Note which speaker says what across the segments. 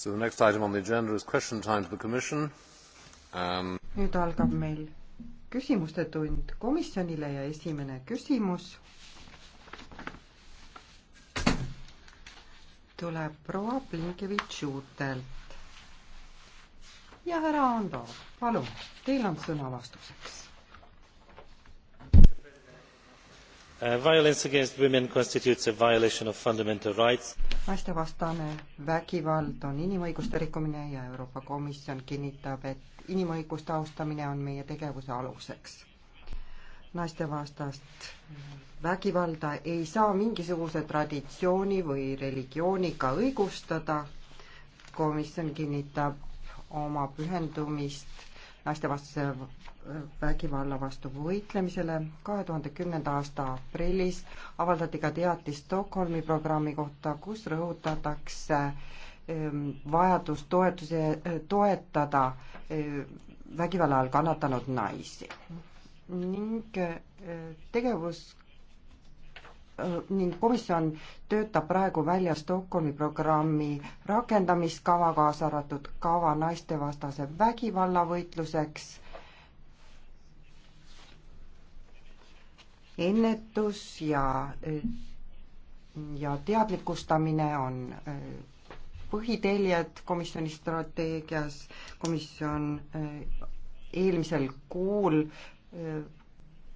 Speaker 1: So the next item on the agenda is question time to the commission um....
Speaker 2: nüüd algab meil küsimuste tund komisjonile ja esimene küsimus tuleb proua Blinkevitš-Juutelt. ja härra Ando, palun, teil on sõna vastuseks. Uh, violence against women constitutes a violation of fundamental rights naistevastane vägivald on inimõiguste rikkumine ja Euroopa Komisjon kinnitab, et inimõiguste austamine on meie tegevuse aluseks. naistevastast vägivalda ei saa mingisuguse traditsiooni või religiooniga õigustada. komisjon kinnitab oma pühendumist naistevastase vägivalla vastu võitlemisele. kahe tuhande kümnenda aasta aprillis avaldati ka teatis Stockholmi programmi kohta, kus rõhutatakse ehm, vajadust toetuse, toetada ehm, vägivalla all kannatanud naisi ning ehm, tegevus ning komisjon töötab praegu välja Stockholmi programmi rakendamiskava, kaasa arvatud kava naistevastase vägivalla võitluseks, ennetus ja, ja teadlikustamine on põhiteljed komisjoni strateegias, komisjon eelmisel kuul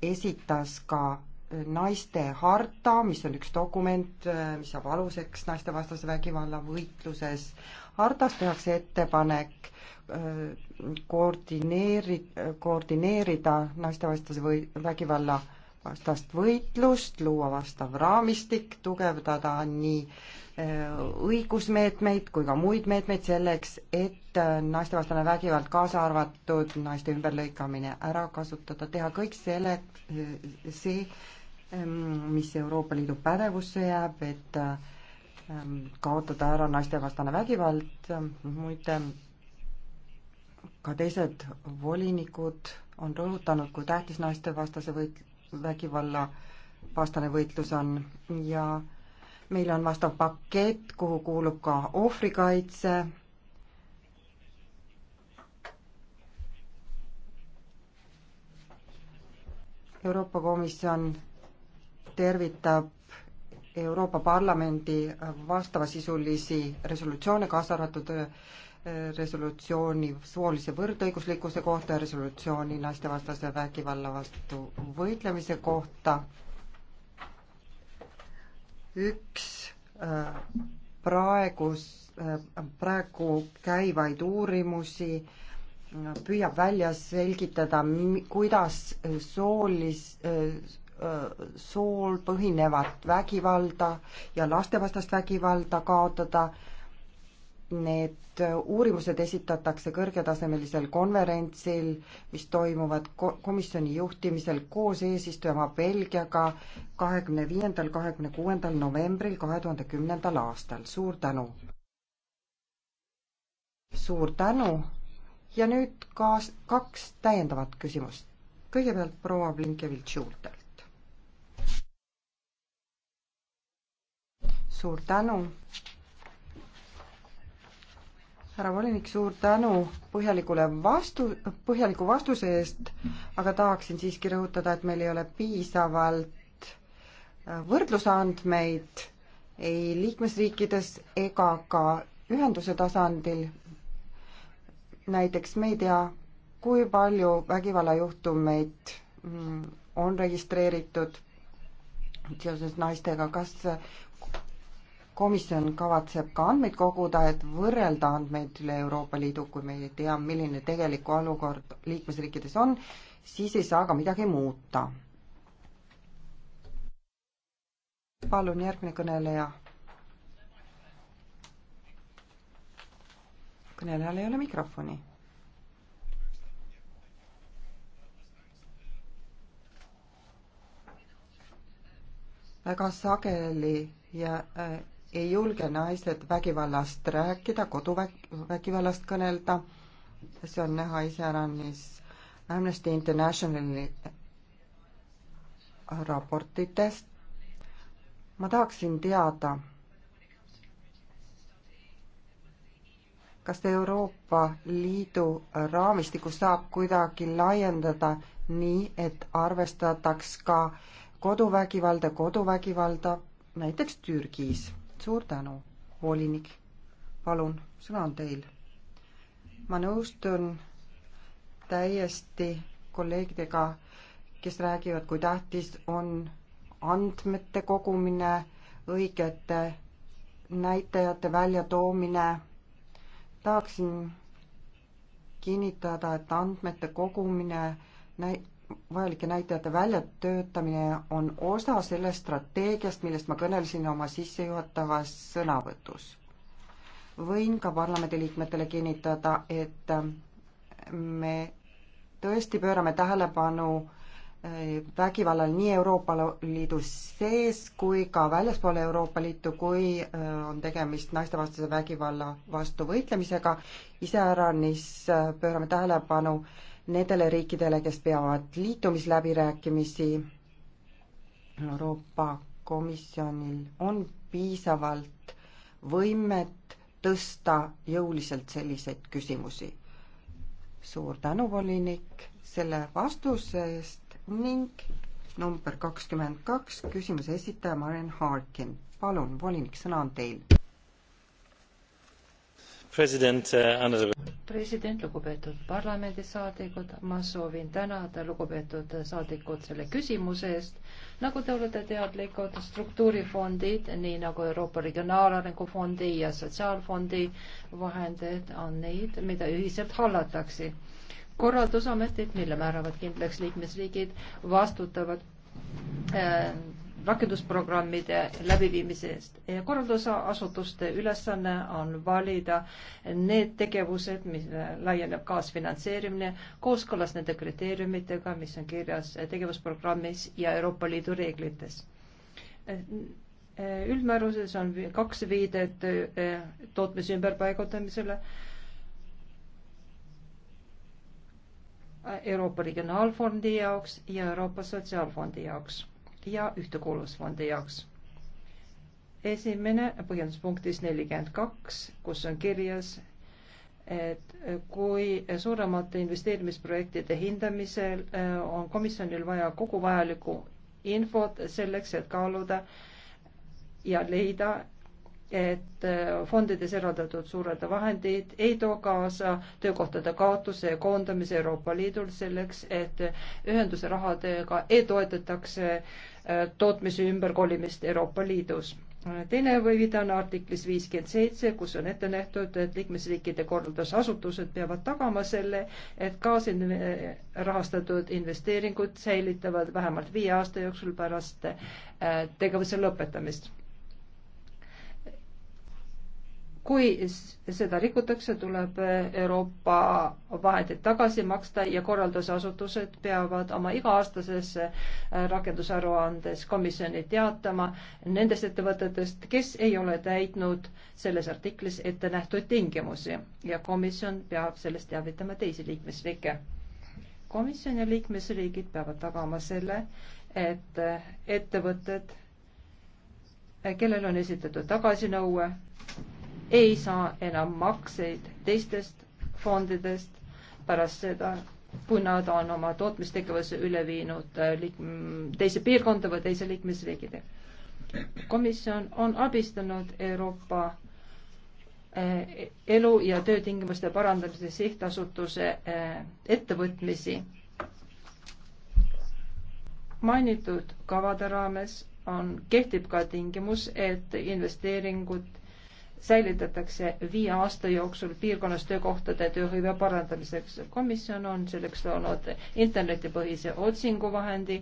Speaker 2: esitas ka naiste harta, mis on üks dokument, äh, mis saab aluseks naistevastase vägivalla võitluses. hartas tehakse ettepanek äh, koordineeri-, koordineerida naistevastase või vägivalla vastast võitlust, luua vastav raamistik, tugevdada nii äh, õigusmeetmeid kui ka muid meetmeid selleks, et äh, naistevastane vägivald, kaasa arvatud naiste ümberlõikamine, ära kasutada, teha kõik selle, äh, see, ähm, mis Euroopa Liidu pädevusse jääb, et ähm, kaotada ära naistevastane vägivald, muide ka teised volinikud on rõhutanud, kui tähtis naistevastase võit-, vägivalla vastane võitlus on ja meil on vastav pakett, kuhu kuulub ka ohvrikaitse, Euroopa Komisjon tervitab Euroopa Parlamendi vastavasisulisi resolutsioone, kaasa arvatud resolutsiooni soolise võrdõiguslikkuse kohta ja resolutsiooni naistevastase vägivalla vastu võitlemise kohta. üks äh, praegus, äh, praegu käivaid uurimusi äh, püüab välja selgitada, kuidas soolis, sool põhinevat vägivalda ja lastevastast vägivalda kaotada need uurimused esitatakse kõrgetasemelisel konverentsil, mis toimuvad ko-, komisjoni juhtimisel koos eesistujamaa Belgiaga kahekümne viiendal, kahekümne kuuendal novembril kahe tuhande kümnendal aastal, suur tänu! suur tänu ja nüüd kaas-, kaks täiendavat küsimust. kõigepealt proua Blinkevitš-Juultelt. suur tänu! härra volinik, suur tänu põhjalikule vastu, põhjaliku vastuse eest, aga tahaksin siiski rõhutada, et meil ei ole piisavalt äh, võrdlusandmeid ei liikmesriikides ega ka ühenduse tasandil. näiteks me ei tea, kui palju vägivallajuhtumeid mm, on registreeritud seoses naistega, kas komisjon kavatseb ka andmeid koguda, et võrrelda andmeid üle Euroopa Liidu, kui me ei tea, milline tegelik olukord liikmesriikides on, siis ei saa ka midagi muuta. palun järgmine kõneleja. kõnelejal ei ole mikrofoni väga sageli ja äh, ei julge naised vägivallast rääkida, koduvägivallast kõnelda, see on näha iseäranis Amnesty Internationali raportitest. ma tahaksin teada, kas Euroopa Liidu raamistiku saab kuidagi laiendada nii, et arvestataks ka koduvägivalda, koduvägivalda näiteks Türgis suur tänu, volinik. palun, sõna on teil. ma nõustun täiesti kolleegidega, kes räägivad, kui tähtis on andmete kogumine, õigete näitajate väljatoomine. tahaksin kinnitada, et andmete kogumine näi-, vajalike näitajate väljatöötamine on osa sellest strateegiast, millest ma kõnelesin oma sissejuhatavas sõnavõtus. võin ka parlamendiliikmetele kinnitada, et me tõesti pöörame tähelepanu eh, vägivallal nii Euroopa Liidu sees kui ka väljaspool Euroopa Liitu, kui eh, on tegemist naistevastase vägivalla vastu võitlemisega. iseäranis eh, pöörame tähelepanu äh, nendele riikidele, kes peavad liitumisläbirääkimisi. Euroopa Komisjonil on piisavalt võimet tõsta jõuliselt selliseid küsimusi. suur tänu, volinik, selle vastuse eest ning number kakskümmend kaks, küsimuse esitaja Marian Harkin. palun, volinik, sõna on teil
Speaker 3: president uh,,
Speaker 2: president, lugupeetud
Speaker 3: parlamendisaadikud, ma soovin tänada lugupeetud saadikud selle küsimuse eest. nagu te olete teadlikud, struktuurifondid, nii nagu Euroopa Regionaalarengu Fondi ja Sotsiaalfondi vahendid on neid, mida ühiselt hallatakse. korraldusametid, mille määravad kindlaks liikmesriigid, vastutavad äh, rakendusprogrammide läbiviimise eest. korraldusasutuste ülesanne on valida need tegevused, mis laieneb kaasfinantseerimine kooskõlas nende kriteeriumitega, mis on kirjas tegevusprogrammis ja Euroopa Liidu reeglites üldmääruses on kaks viidet eh, tootmise ümberpaigutamisele. Euroopa Regionaalfondi jaoks ja Euroopa Sotsiaalfondi jaoks ja Ühtekuuluvusfondi jaoks. esimene põhjenduspunktis nelikümmend kaks, kus on kirjas, et kui suuremate investeerimisprojektide hindamisel äh, on komisjonil vaja kogu vajalikku infot selleks, et kaaluda ja leida, et äh, fondides eraldatud suured vahendid ei too kaasa töökohtade kaotuse ja koondamise Euroopa Liidul selleks, et ühenduse rahadega ei toetataks tootmise ümberkolimist Euroopa Liidus. teine või viidane artiklis viiskümmend seitse, kus on ette nähtud, et liikmesriikide korraldusasutused peavad tagama selle, et kaasin eh, rahastatud investeeringud säilitavad vähemalt viie aasta jooksul pärast eh, tegevuse lõpetamist kui seda rikutakse, tuleb eh, Euroopa vahendid tagasi maksta ja korraldusasutused peavad oma iga-aastases eh, rakendusaruandes komisjoni teatama nendest ettevõtetest, kes ei ole täitnud selles artiklis ette nähtud tingimusi ja komisjon peab sellest teavitama teisi liikmesriike. komisjon ja liikmesriigid peavad tagama selle, et eh, ettevõtted, kellel on esitatud tagasinõue, ei saa enam makseid teistest fondidest pärast seda, kui nad on oma tootmistegevuse üle viinud äh, teise piirkonda või teise liikmesriigide. komisjon on abistanud Euroopa äh, elu- ja töötingimuste parandamise sihtasutuse äh, ettevõtmisi. mainitud kavade raames on, kehtib ka tingimus, et investeeringud säilitatakse viie aasta jooksul piirkonnas töökohtade tööhõive parandamiseks. komisjon on selleks loonud internetipõhise otsinguvahendi,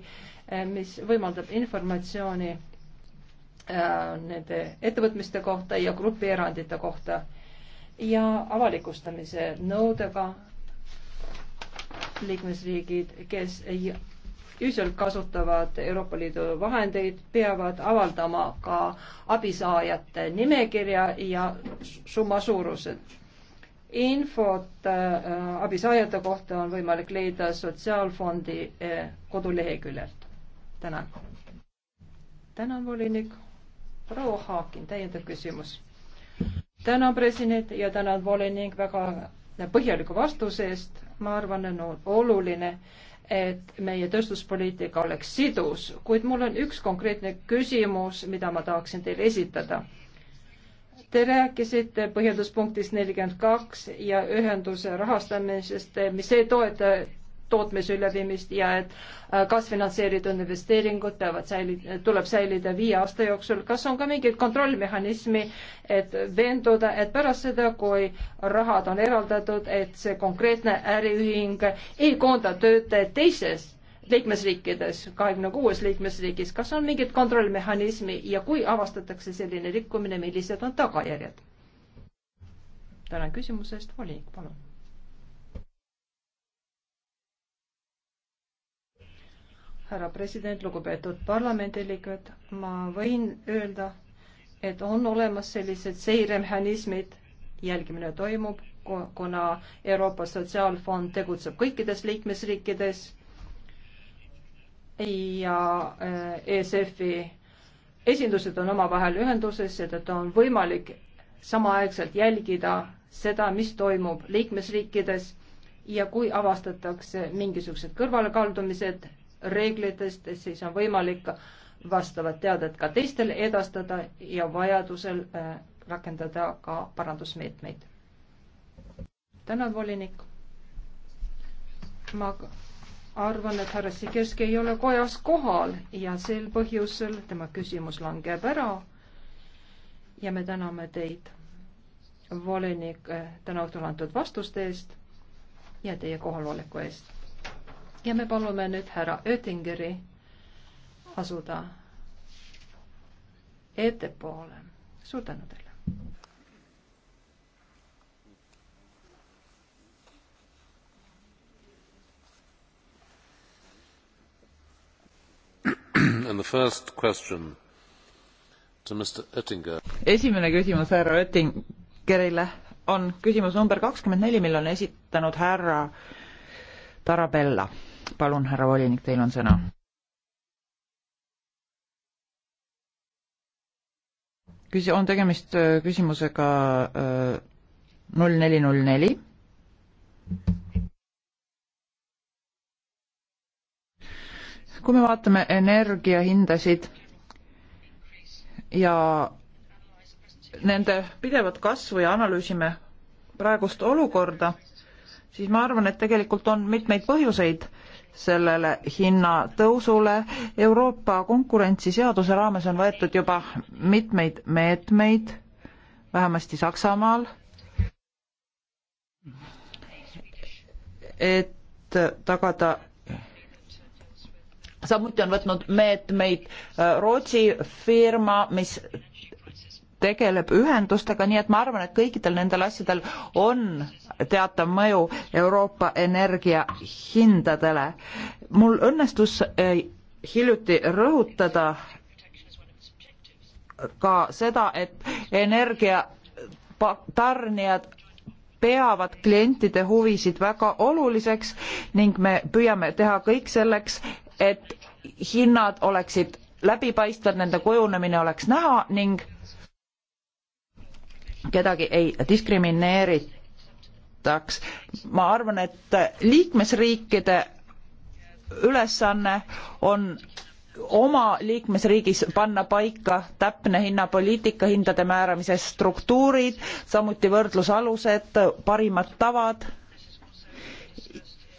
Speaker 3: eh, mis võimaldab informatsiooni eh, nende ettevõtmiste kohta ja grupierandite kohta ja avalikustamise nõudega liikmesriigid, kes ei aktiivselt kasutavad Euroopa Liidu vahendeid, peavad avaldama ka abisaajate nimekirja ja summa suurused infot äh, abisaajate kohta on võimalik leida Sotsiaalfondi äh, koduleheküljelt. tänan. tänan, volinik. proua Haakin, täiendav küsimus. tänan, president, ja tänan, volinik, väga põhjaliku vastuse eest. ma arvan, on oluline äh, et meie tööstuspoliitika oleks sidus, kuid mul on üks konkreetne küsimus, mida ma tahaksin teile esitada. Te rääkisite põhjenduspunktis nelikümmend kaks ja ühenduse rahastamisest, mis ei toeta tootmise üleviimist ja et äh, kaasfinantseeritud investeeringud peavad säilida, tuleb säilida viie aasta jooksul. kas on ka mingit kontrollmehhanismi, et veenduda, et pärast seda, kui rahad on eraldatud, et see konkreetne äriühing ei koonda töötajaid teises liikmesriikides, kahekümne kuues liikmesriigis, kas on mingit kontrollmehhanismi ja kui avastatakse selline rikkumine, millised on tagajärjed? tänan küsimuse eest, volinik, palun härra president, lugupeetud parlamendiliikmed, ma võin öelda, et on olemas sellised seiremehhanismid, jälgimine toimub, kuna Euroopa Sotsiaalfond tegutseb kõikides liikmesriikides ja äh, ESF-i esindused on omavahel ühenduses, seetõttu on võimalik samaaegselt jälgida seda, mis toimub liikmesriikides ja kui avastatakse mingisugused kõrvalekaldumised, reeglitest, siis on võimalik vastavad teaded ka teistele edastada ja vajadusel äh, rakendada ka parandusmeetmeid. tänan, volinik. ma arvan, et härra Sikerski ei ole kojas kohal ja sel põhjusel tema küsimus langeb ära. ja me täname teid, volinik, äh, täna õhtul antud vastuste eest ja teie kohaloleku eest ja me palume nüüd härra Oettingeri asuda ettepoole. suur tänu teile.
Speaker 1: esimene küsimus härra Oettingerile on küsimus number kakskümmend neli, mille on esitanud härra Tarabella palun, härra volinik, teil on sõna. küsi-, on tegemist äh, küsimusega äh, null neli null neli. kui me vaatame energiahindasid ja nende pidevat kasvu ja analüüsime praegust olukorda, siis ma arvan, et tegelikult on mitmeid põhjuseid sellele hinnatõusule. Euroopa konkurentsiseaduse raames on võetud juba mitmeid meetmeid, vähemasti Saksamaal, et tagada samuti on võtnud meetmeid äh, Rootsi firma, mis tegeleb ühendustega, nii et ma arvan, et kõikidel nendel asjadel on teatav mõju Euroopa energiahindadele. mul õnnestus eh, hiljuti rõhutada ka seda, et energia tarnijad peavad klientide huvisid väga oluliseks ning me püüame teha kõik selleks, et hinnad oleksid läbipaistvad, nende kujunemine oleks näha ning kedagi ei diskrimineeritaks. ma arvan, et liikmesriikide ülesanne on oma liikmesriigis panna paika täpne hinnapoliitika hindade määramise struktuurid samuti võrdlusalused parimad tavad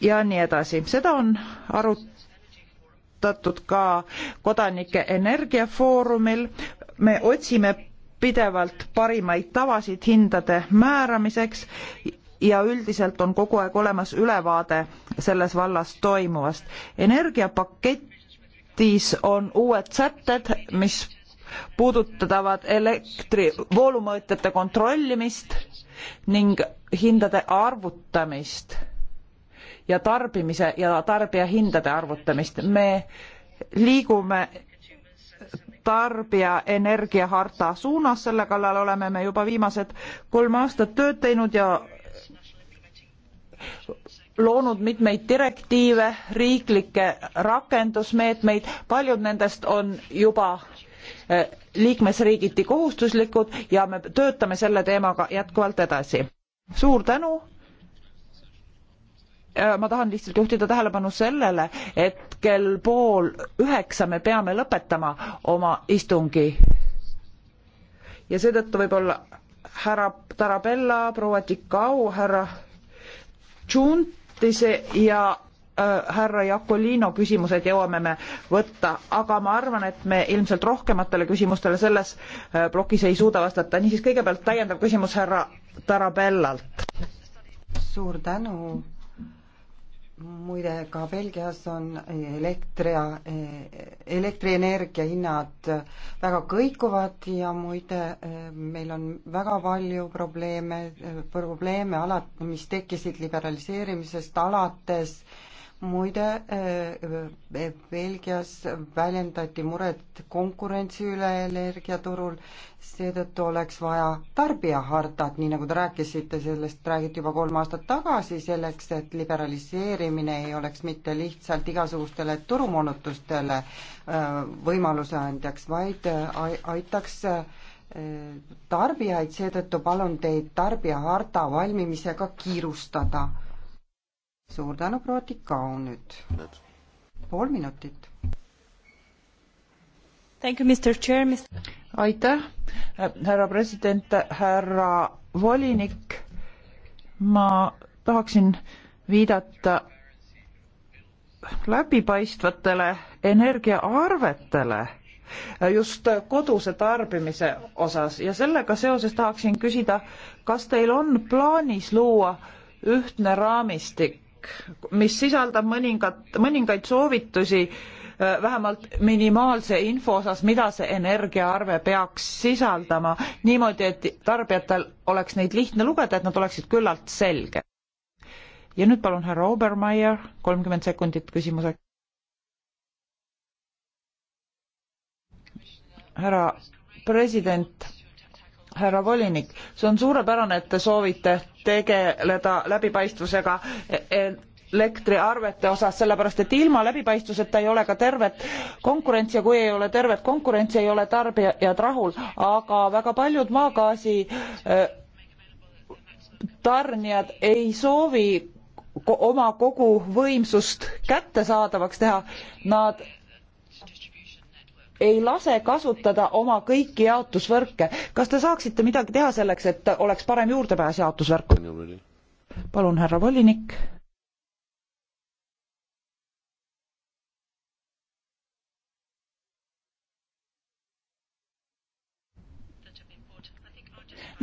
Speaker 1: ja nii edasi seda on arutatud ka kodanike energiafoorumil me otsime pidevalt parimaid tavasid hindade määramiseks ja üldiselt on kogu aeg olemas ülevaade selles vallas toimuvast. energiapaketis on uued sätted, mis puudutavad elektri voolumõõtjate kontrollimist ning hindade arvutamist ja tarbimise ja tarbijahindade arvutamist. me liigume tarbija energiaharta suunas, selle kallal oleme me juba viimased kolm aastat tööd teinud ja loonud mitmeid direktiive, riiklikke rakendusmeetmeid, paljud nendest on juba eh, liikmesriigiti kohustuslikud ja me töötame selle teemaga jätkuvalt edasi. suur tänu Äh, ma tahan lihtsalt juhtida tähelepanu sellele, et kell pool üheksa me peame lõpetama oma istungi. ja seetõttu võib-olla härra Tarabella, proua Tikau, härra Tšuntise ja äh, härra Jakolino küsimused jõuame me võtta, aga ma arvan, et me ilmselt rohkematele küsimustele selles äh, plokis ei suuda vastata, niisiis kõigepealt täiendav küsimus härra Tarabellalt.
Speaker 2: suur tänu muide, ka Belgias on elektri, elektrienergia hinnad väga kõikuvad ja muide, meil on väga palju probleeme, probleeme ala, mis tekkisid liberaliseerimisest alates äh, muide, eh, eh, Belgias väljendati muret konkurentsi üle energiaturul, seetõttu oleks vaja tarbijahartat, nii nagu te rääkisite, sellest räägiti juba kolm aastat tagasi, selleks et liberaliseerimine ei oleks mitte lihtsalt igasugustele turumoonutustele eh, võimaluse andjaks, vaid aitaks tarbijaid, seetõttu palun teid tarbijaharta valmimisega kiirustada suur tänu, proua Tikao nüüd. pool minutit. aitäh, härra president,
Speaker 1: härra volinik. ma tahaksin viidata läbipaistvatele energiaarvetele just koduse tarbimise osas ja sellega seoses tahaksin küsida, kas teil on plaanis luua ühtne raamistik kirjalik, mis sisaldab mõningat, mõningaid soovitusi äh, vähemalt minimaalse info osas, mida see energiaarve peaks sisaldama, niimoodi, et tarbijatel oleks neid lihtne lugeda, et nad oleksid küllalt selged. ja nüüd palun härra Obermeier, kolmkümmend sekundit küsimuseks. härra president härra volinik, see on suurepärane, et te soovite tegeleda läbipaistvusega e-, e-, elektriarvete osas, sellepärast et ilma läbipaistvuseta ei ole ka tervet konkurentsi ja kui ei ole tervet konkurentsi, ei ole tarbijad rahul, aga väga paljud maagaasi e, tarnijad ei soovi oma kogu võimsust kättesaadavaks teha, nad ei lase kasutada oma kõiki jaotusvõrke. kas te saaksite midagi teha selleks, et oleks parem juurdepääs jaotusvõrku? palun, härra volinik.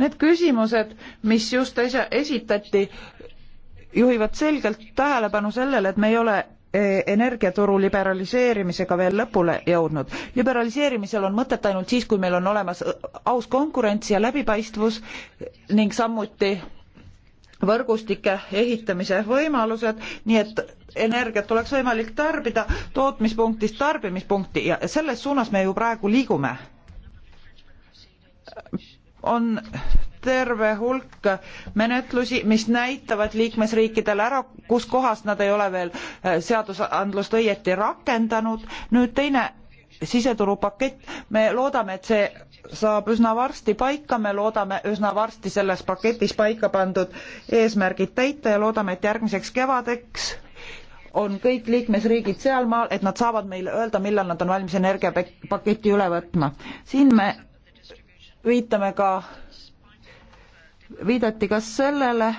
Speaker 1: Need küsimused, mis just äsja esitati, juhivad selgelt tähelepanu sellele, et me ei ole Eh, energiaturu liberaliseerimisega veel lõpule jõudnud. liberaliseerimisel on mõtet ainult siis, kui meil on olemas äh, aus konkurents ja läbipaistvus ning samuti võrgustike ehitamise võimalused, nii et energiat oleks võimalik tarbida tootmispunktist tarbimispunkti ja selles suunas me ju praegu liigume. on terve hulk menetlusi, mis näitavad liikmesriikidele ära, kus kohas nad ei ole veel äh, seadusandlust õieti rakendanud. nüüd teine siseturupakett, me loodame, et see saab üsna varsti paika, me loodame üsna varsti selles paketis paika pandud eesmärgid täita ja loodame, et järgmiseks kevadeks on kõik liikmesriigid sealmaal, et nad saavad meile öelda, millal nad on valmis energiapaketi üle võtma. siin me viitame ka viidati ka sellele,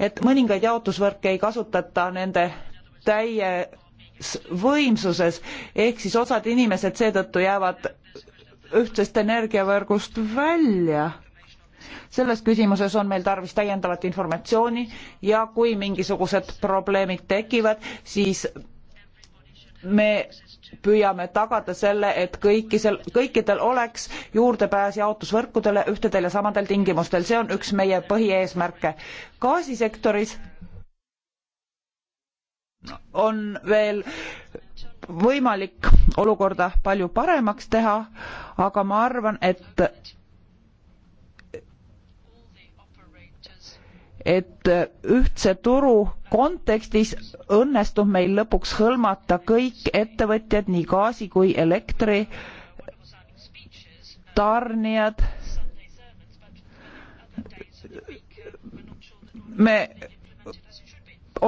Speaker 1: et mõningaid jaotusvõrke ei kasutata nende täies võimsuses, ehk siis osad inimesed seetõttu jäävad ühtsest energiavõrgust välja. selles küsimuses on meil tarvis täiendavat informatsiooni ja kui mingisugused probleemid tekivad, siis me püüame tagada selle, et kõikisel, kõikidel oleks juurdepääs jaotusvõrkudele ühtedel ja samadel tingimustel, see on üks meie põhieesmärke. gaasisektoris on veel võimalik olukorda palju paremaks teha, aga ma arvan, et et ühtse turu kontekstis õnnestub meil lõpuks hõlmata kõik ettevõtjad, nii gaasi kui elektri tarnijad. me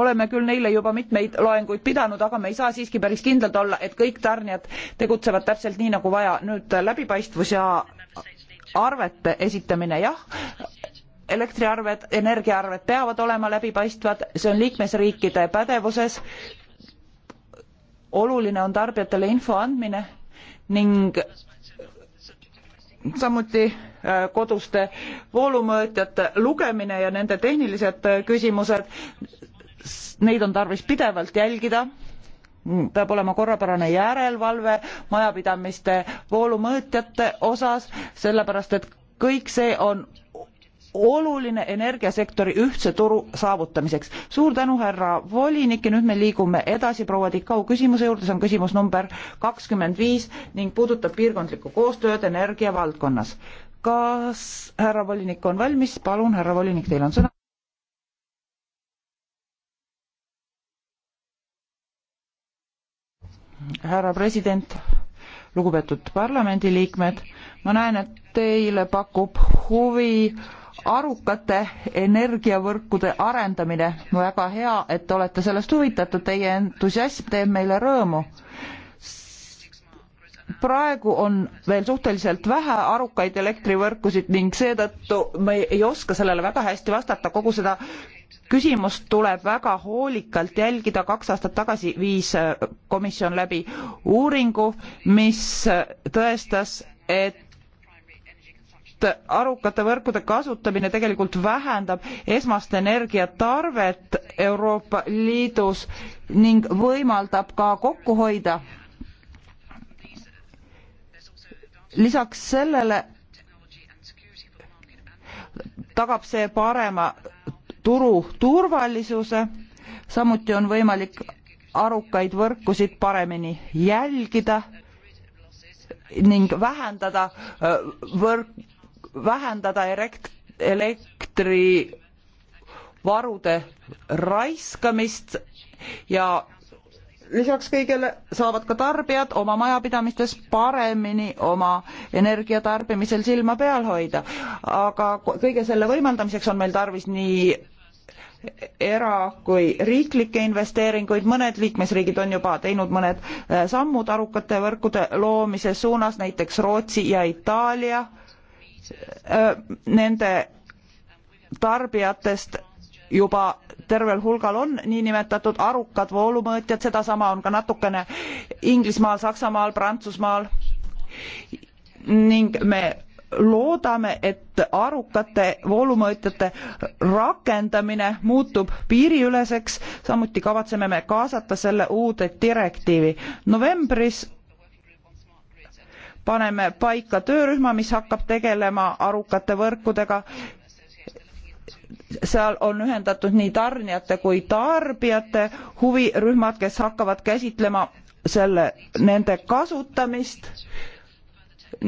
Speaker 1: oleme küll neile juba mitmeid loenguid pidanud, aga me ei saa siiski päris kindlad olla, et kõik tarnijad tegutsevad täpselt nii, nagu vaja. nüüd läbipaistvus ja arvete esitamine, jah, elektriarved, energiaarved peavad olema läbipaistvad, see on liikmesriikide pädevuses. oluline on tarbijatele info andmine ning samuti äh, koduste voolumõõtjate lugemine ja nende tehnilised äh, küsimused, neid on tarvis pidevalt jälgida, peab olema korrapärane järelevalve majapidamiste voolumõõtjate osas, sellepärast et kõik see on oluline energiasektori ühtse turu saavutamiseks. suur tänu, härra volinik ja nüüd me liigume edasi proua Tikau küsimuse juurde, see on küsimus number kakskümmend viis ning puudutab piirkondlikku koostööd energia valdkonnas. kas härra volinik on valmis, palun, härra volinik, teil on sõna. härra president, lugupeetud parlamendiliikmed, ma näen, et teile pakub huvi arukate energiavõrkude arendamine. väga hea, et te olete sellest huvitatud, teie entusiasm teeb meile rõõmu. praegu on veel suhteliselt vähe arukaid elektrivõrkusid ning seetõttu me ei oska sellele väga hästi vastata, kogu seda küsimust tuleb väga hoolikalt jälgida, kaks aastat tagasi viis komisjon läbi uuringu, mis tõestas, et et arukate võrkude kasutamine tegelikult vähendab esmast energiatarvet Euroopa Liidus ning võimaldab ka kokku hoida. lisaks sellele tagab see parema turu turvalisuse, samuti on võimalik arukaid võrkusid paremini jälgida ning vähendada äh, võrk vähendada erekt-, elektrivarude raiskamist ja lisaks kõigele saavad ka tarbijad oma majapidamistes paremini oma energia tarbimisel silma peal hoida. aga kõige selle võimaldamiseks on meil tarvis nii era- kui riiklikke investeeringuid, mõned liikmesriigid on juba teinud mõned eh, sammud arukate võrkude loomise suunas, näiteks Rootsi ja Itaalia Äh, nende tarbijatest juba tervel hulgal on niinimetatud arukad voolumõõtjad, sedasama on ka natukene Inglismaal, Saksamaal, Prantsusmaal ning me loodame, et arukate voolumõõtjate rakendamine muutub piiriüleseks, samuti kavatseme me kaasata selle uude direktiivi. novembris paneme paika töörühma mis hakkab tegelema arukate võrkudega seal on ühendatud nii tarnijate kui tarbijate huvirühmad kes hakkavad käsitlema selle nende kasutamist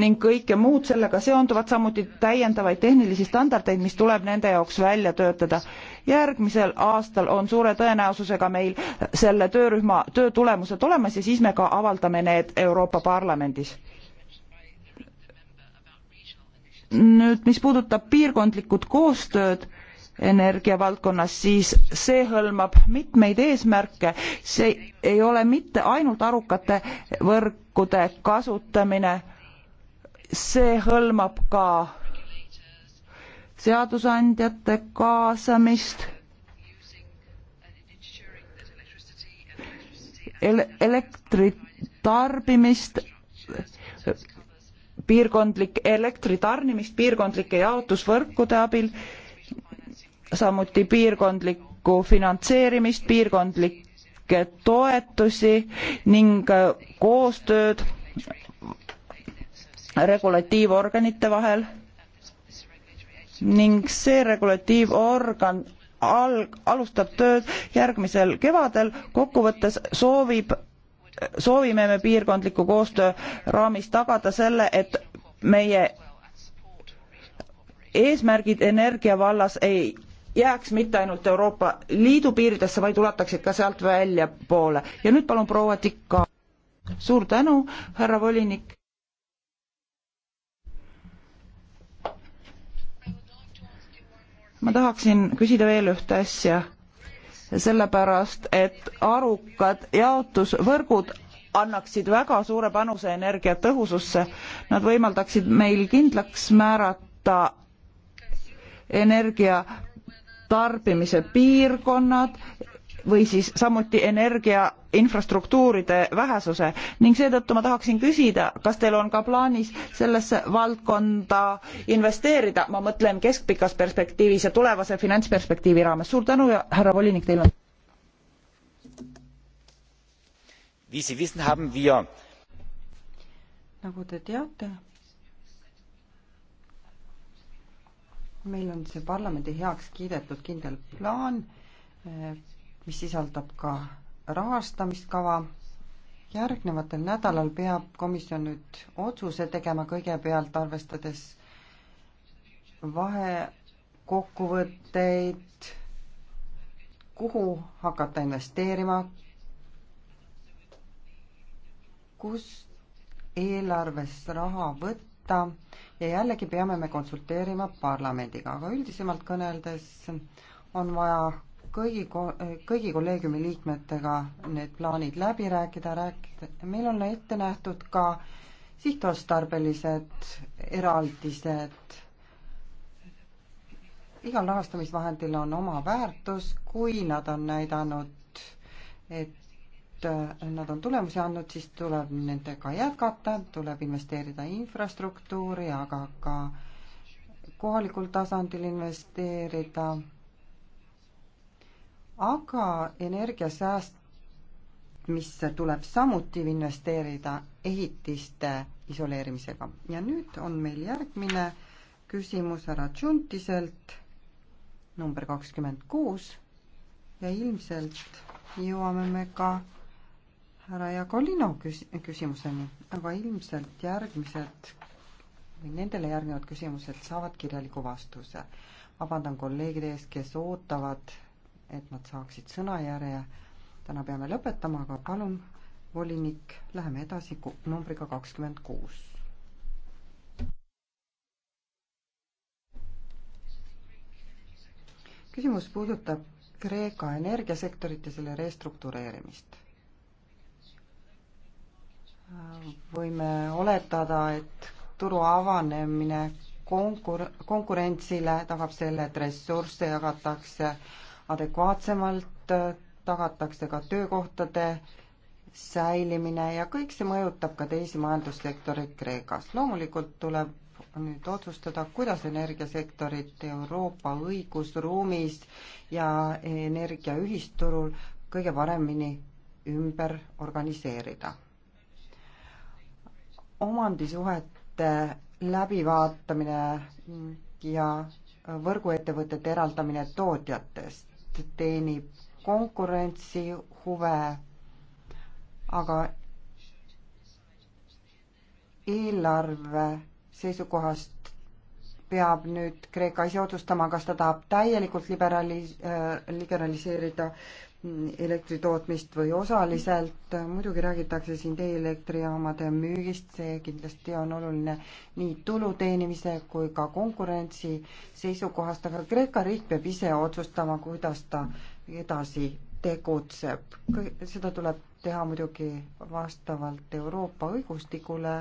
Speaker 1: ning kõike muud sellega seonduvat samuti täiendavaid tehnilisi standardeid mis tuleb nende jaoks välja töötada järgmisel aastal on suure tõenäosusega meil selle töörühma töö tulemused olemas ja siis me ka avaldame need euroopa parlamendis nüüd, mis puudutab piirkondlikud koostööd energiavaldkonnas, siis see hõlmab mitmeid eesmärke, see ei ole mitte ainult arukate võrkude kasutamine, see hõlmab ka seadusandjate kaasamist ele, elektri tarbimist, piirkondlik, elektri tarnimist piirkondlike jaotusvõrkude abil, samuti piirkondlikku finantseerimist, piirkondlikke toetusi ning äh, koostööd regulatiivorganite vahel ning see regulatiivorgan al- alustab tööd järgmisel kevadel kokkuvõttes soovib soovime me piirkondliku koostöö raamis tagada selle, et meie eesmärgid energia vallas ei jääks mitte ainult Euroopa Liidu piiridesse, vaid ulataksid ka sealt väljapoole. ja nüüd palun proua Tikka. suur tänu, härra volinik. ma tahaksin küsida veel ühte asja sellepärast et arukad jaotusvõrgud annaksid väga suure panuse energiatõhususse. Nad võimaldaksid meil kindlaks määrata energia tarbimise piirkonnad, või siis samuti energia infrastruktuuride vähesuse ning seetõttu ma tahaksin küsida, kas teil on ka plaanis sellesse valdkonda investeerida, ma mõtlen keskpikas perspektiivis ja tulevase finantsperspektiivi raames. suur tänu ja härra volinik, teil on.
Speaker 2: nagu te teate, meil on see parlamendi heaks kiidetud kindel plaan eh, mis sisaldab ka rahastamiskava. järgnevatel nädalal peab komisjon nüüd otsuse tegema, kõigepealt arvestades vahekokkuvõtteid, kuhu hakata investeerima, kus eelarvest raha võtta ja jällegi peame me konsulteerima parlamendiga, aga üldisemalt kõneldes on vaja kõigi, kõigi kolleegiumi liikmetega need plaanid läbi rääkida, rääkida, meil on ette nähtud ka sihtotstarbelised eraldised. igal rahastamisvahendil on oma väärtus, kui nad on näidanud, et äh, nad on tulemusi andnud, siis tuleb nendega jätkata, tuleb investeerida infrastruktuuri, aga ka kohalikul tasandil investeerida aga energiasäästmisse tuleb samuti investeerida ehitiste isoleerimisega. ja nüüd on meil järgmine küsimus härra Tšuntiselt, number kakskümmend kuus ja ilmselt jõuame me ka härra Jakolino küs-, küsimuseni, aga ilmselt järgmised või nendele järgnevad küsimused saavad kirjaliku vastuse. vabandan kolleegide ees, kes ootavad et nad saaksid sõnajärje. täna peame lõpetama, aga palun, volinik, läheme edasi numbriga kakskümmend kuus. küsimus puudutab Kreeka energiasektorit ja selle restruktureerimist võime oletada, et turu avanemine konkur-, konkurentsile tagab selle, et ressursse jagatakse adekvaatsemalt, äh, tagatakse ka töökohtade säilimine ja kõik see mõjutab ka teisi majandussektoreid Kreekas. loomulikult tuleb nüüd otsustada, kuidas energiasektorit Euroopa õigusruumis ja energia ühisturul kõige paremini ümber organiseerida. omandisuhete läbivaatamine ja võrguettevõtete eraldamine tootjatest et teenib konkurentsi huve, aga eelarve seisukohast peab nüüd Kreeka ise otsustama, kas ta tahab täielikult liberali-, äh, liberaliseerida elektritootmist või osaliselt, muidugi räägitakse siin teeelektrijaamade müügist, see kindlasti on oluline nii tulu teenimise kui ka konkurentsi seisukohast, aga Kreeka riik peab ise otsustama, kuidas ta edasi tegutseb. seda tuleb teha muidugi vastavalt Euroopa õigustikule,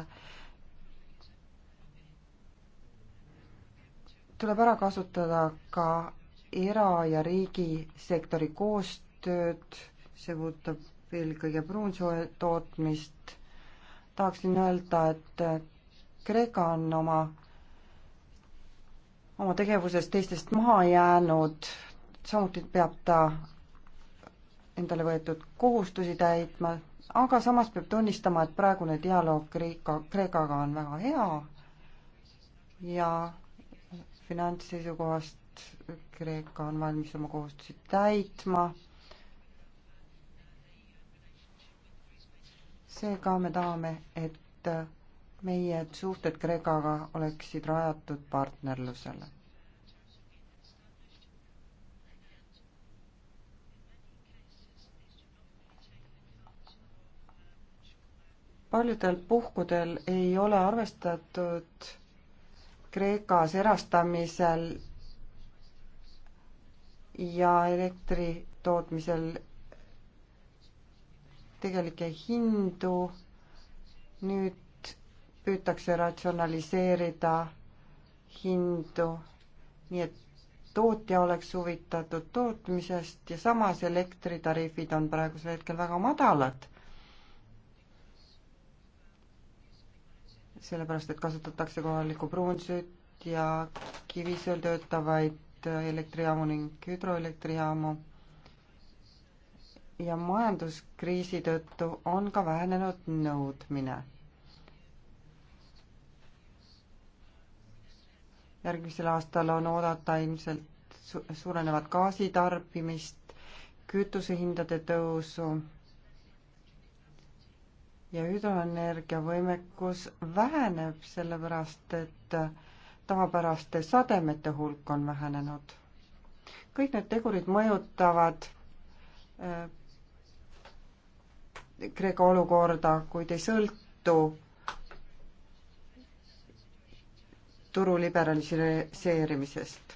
Speaker 2: tuleb ära kasutada ka era- ja riigisektori koostöö, tööd, see puudutab eelkõige pruunsoe tootmist. tahaksin öelda, et Kreeka on oma, oma tegevuses teistest maha jäänud, samuti peab ta endale võetud kohustusi täitma, aga samas peab tunnistama, et praegune dialoog Kreeka, Kreekaga on väga hea ja finantsseisukohast Kreeka on valmis oma kohustusi täitma seega me tahame, et meie suhted Kreekaga oleksid rajatud partnerlusele. paljudel puhkudel ei ole arvestatud Kreekas erastamisel ja elektri tootmisel tegelikke hindu. nüüd püütakse ratsionaliseerida hindu, nii et tootja oleks huvitatud tootmisest ja samas elektritariifid on praegusel hetkel väga madalad. sellepärast, et kasutatakse kohalikku pruunsütt ja kivisööl töötavaid äh, elektrijaamu ning hüdroelektrijaamu ja majanduskriisi tõttu on ka vähenenud nõudmine. järgmisel aastal on oodata ilmselt su suurenevat gaasitarbimist, kütusehindade tõusu ja hüdroenergia võimekus väheneb, sellepärast et tavapäraste sademete hulk on vähenenud. kõik need tegurid mõjutavad äh, Kreeka olukorda, kuid ei sõltu turu liberaliseerimisest.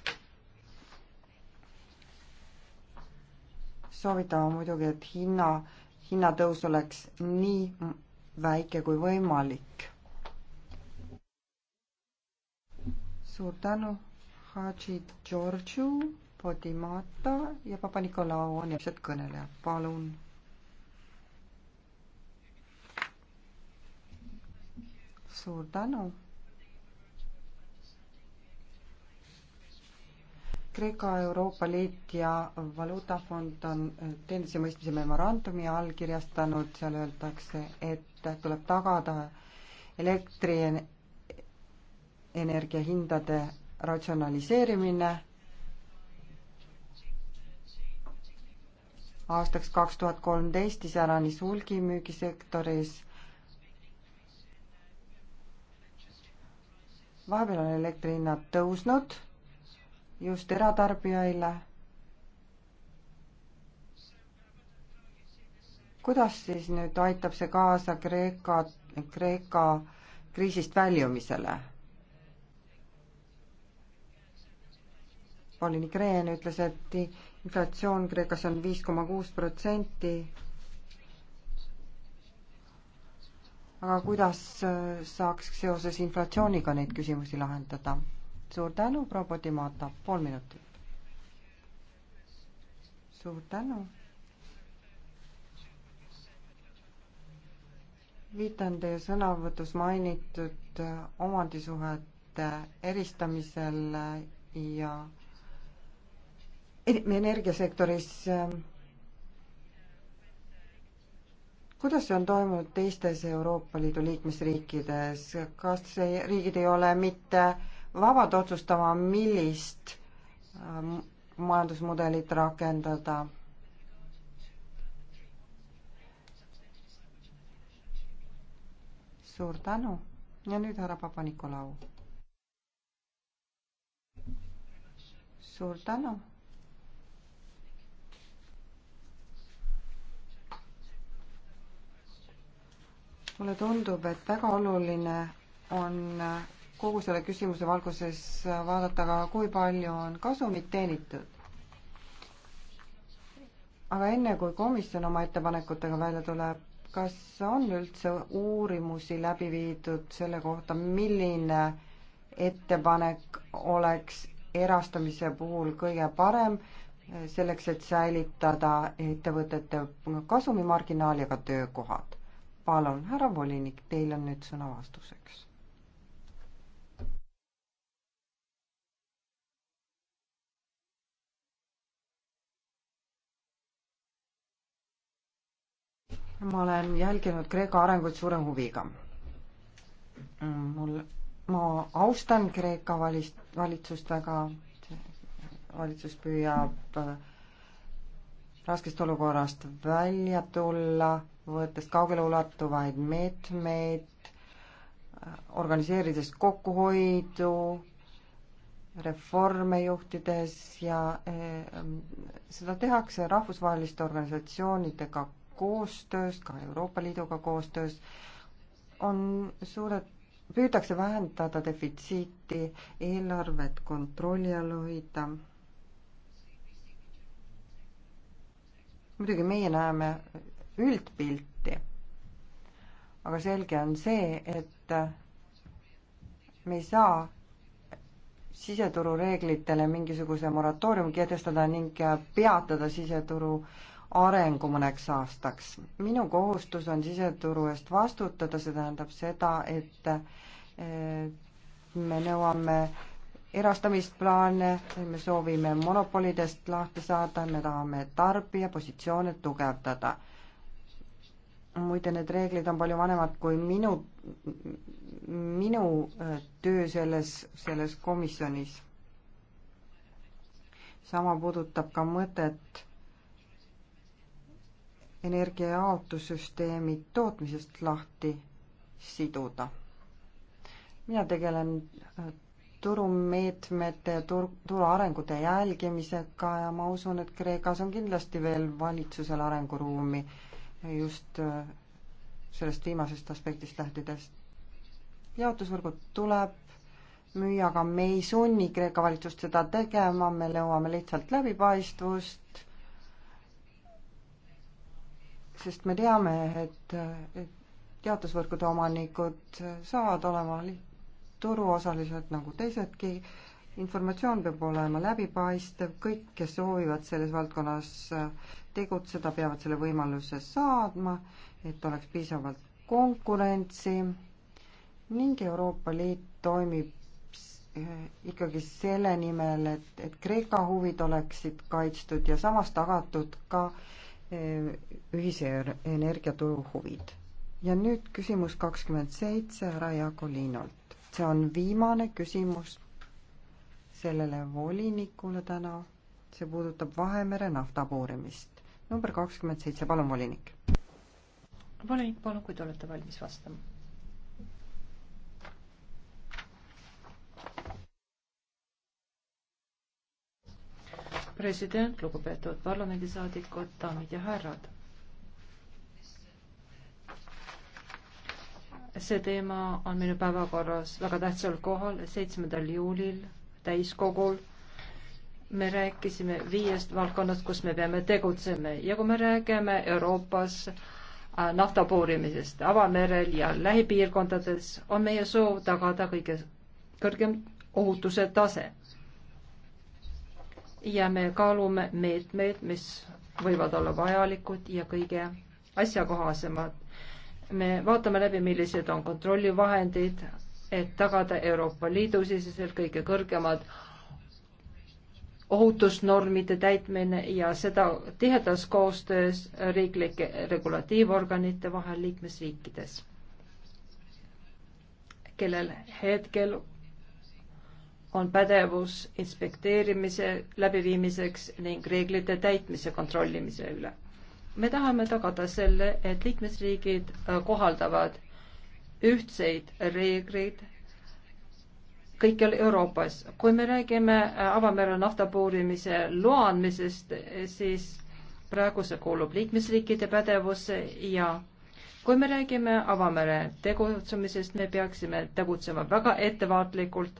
Speaker 2: soovitame muidugi, et hinna, hinnatõus oleks nii väike kui võimalik. suur tänu, Hadži Georgiou, Podimata ja Papa-Nikolau on järgmised kõnelejad, palun suur tänu. Kreeka Euroopa Liit ja Valuutafond on teenusemõistmise memorandumi allkirjastanud, seal öeldakse, et tuleb tagada elektrienergia hindade ratsionaliseerimine aastaks kaks tuhat kolmteist iseäranis hulgimüügisektoris vahepeal on elektrihinnad tõusnud just eratarbijaile. kuidas siis nüüd aitab see kaasa Kreeka, Kreeka kriisist väljumisele? Pauline Kreen ütles, et inflatsioon Kreekas on viis koma kuus protsenti aga kuidas äh, saaks seoses inflatsiooniga neid küsimusi lahendada? suur tänu, proua Podimata, pool minutit. suur tänu. viitan teie sõnavõtus mainitud äh, omandisuhete eristamisel ja e-, energiasektoris äh, kuidas see on toimunud teistes Euroopa Liidu liikmesriikides, kas riigid ei ole mitte vabad otsustama, millist äh, majandusmudelit rakendada? suur tänu ja nüüd härra Papa-Nikolau. suur tänu mulle tundub, et väga oluline on kogu selle küsimuse valguses vaadata ka, kui palju on kasumit teenitud. aga enne, kui komisjon oma ettepanekutega välja tuleb, kas on üldse uurimusi läbi viidud selle kohta, milline ettepanek oleks erastamise puhul kõige parem selleks, et säilitada ettevõtete kasumimarginaal ja ka töökohad? palun, härra volinik, teil on nüüd sõna vastuseks. ma olen jälginud Kreeka arenguid suure huviga. mul, ma austan Kreeka valist-, valitsust väga, valitsus püüab äh, raskest olukorrast välja tulla võttes kaugeleulatuvaid meetmeid, organiseerides kokkuhoidu, reforme juhtides ja ehm, seda tehakse rahvusvaheliste organisatsioonidega koostöös, ka Euroopa Liiduga koostöös, on suured, püütakse vähendada defitsiiti, eelarvet kontrolli all hoida muidugi meie näeme üldpilti. aga selge on see, et me ei saa siseturu reeglitele mingisuguse moratooriumi kehtestada ning peatada siseturu arengu mõneks aastaks. minu kohustus on siseturu eest vastutada, see tähendab seda, et eh, me nõuame erastamisplaane, me soovime monopolidest lahti saada, me tahame tarbija positsioone tugevdada muide, need reeglid on palju vanemad kui minu, minu äh, töö selles, selles komisjonis. sama puudutab ka mõtet energiajaotussüsteemid tootmisest lahti siduda. mina tegelen äh, turumeetmete ja tur-, turu arengute jälgimisega ja ma usun, et Kreekas on kindlasti veel valitsusel arenguruumi just äh, sellest viimasest aspektist lähtudes. jaotusvõrgud tuleb müüa, aga me ei sunni Kreeka valitsust seda tegema, me nõuame lihtsalt läbipaistvust, sest me teame, et, et jaotusvõrgude omanikud saavad olema turuosalised nagu teisedki, informatsioon peab olema läbipaistev, kõik, kes soovivad selles valdkonnas äh, tegutseda, peavad selle võimaluse saadma, et oleks piisavalt konkurentsi ning Euroopa Liit toimib äh, ikkagi selle nimel, et, et Kreeka huvid oleksid kaitstud ja samas tagatud ka äh, ühise energiaturu huvid. ja nüüd küsimus kakskümmend seitse härra Jakolinalt. see on viimane küsimus sellele volinikule täna, see puudutab Vahemere nafta puurimist. number kakskümmend seitse, palun, volinik.
Speaker 3: volinik, palun, kui te olete valmis vastama. president, lugupeetud parlamendisaadikud, daamid ja härrad see teema on minu päevakorras väga tähtsal kohal, seitsmendal juulil täiskogul me rääkisime viiest valdkonnast, kus me peame tegutsema ja kui me räägime Euroopas äh, nafta puurimisest avamerel ja lähipiirkondades, on meie soov tagada kõige kõrgem ohutuse tase. ja me kaalume meetmeid, mis võivad olla vajalikud ja kõige asjakohasemad. me vaatame läbi, millised on kontrollivahendid, et tagada Euroopa Liidu siseselt kõige kõrgemad ohutusnormide täitmine ja seda tihedas koostöös riiklike regulatiivorganite vahel liikmesriikides, kellel hetkel on pädevus inspekteerimise läbiviimiseks ning reeglite täitmise kontrollimise üle. me tahame tagada selle, et liikmesriigid kohaldavad ühtseid reegleid kõikjal Euroopas. kui me räägime äh, avamere naftapuurimise loa andmisest, siis praegu see kuulub liikmesriikide pädevusse ja kui me räägime avamere tegutsemisest, me peaksime tegutsema väga ettevaatlikult.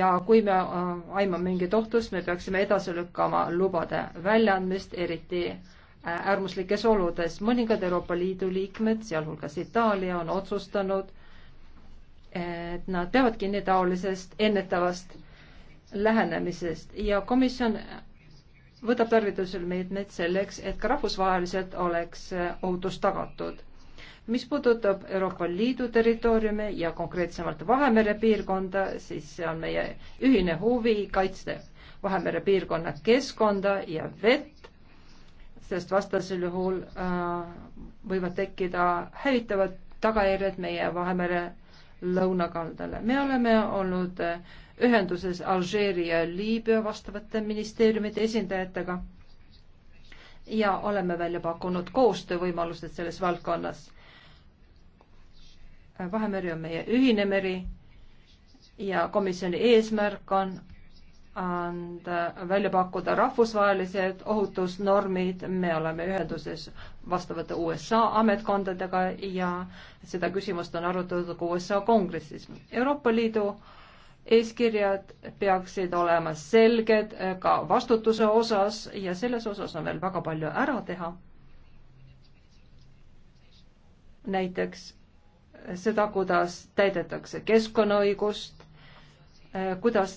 Speaker 3: ja kui me äh, aimame mingit ohtu, siis me peaksime edasi lükkama lubade väljaandmist, eriti äh, äärmuslikes oludes. mõningad Euroopa Liidu liikmed, sealhulgas Itaalia, on otsustanud, et nad peavad kinni taolisest ennetavast lähenemisest ja komisjon võtab tarvitusel meetmed selleks, et ka rahvusvaheliselt oleks ohutus tagatud. mis puudutab Euroopa Liidu territooriume ja konkreetsemalt Vahemere piirkonda, siis see on meie ühine huvi kaitsta Vahemere piirkonna keskkonda ja vett sest vastasel juhul äh, võivad tekkida hävitavad tagajärjed meie Vahemere lõunakaldale. me oleme olnud äh, ühenduses Alžeeria ja Liibüa vastavate ministeeriumide esindajatega ja oleme välja pakkunud koostöövõimalused selles valdkonnas. Vahemeri on meie ühine meri ja komisjoni eesmärk on anda, äh, välja pakkuda rahvusvahelised ohutusnormid, me oleme ühenduses vastavate USA ametkondadega ja seda küsimust on arutatud ka USA kongressis. Euroopa Liidu eeskirjad peaksid olema selged ka vastutuse osas ja selles osas on veel väga palju ära teha. näiteks seda, kuidas täidetakse keskkonnaõigust, äh, kuidas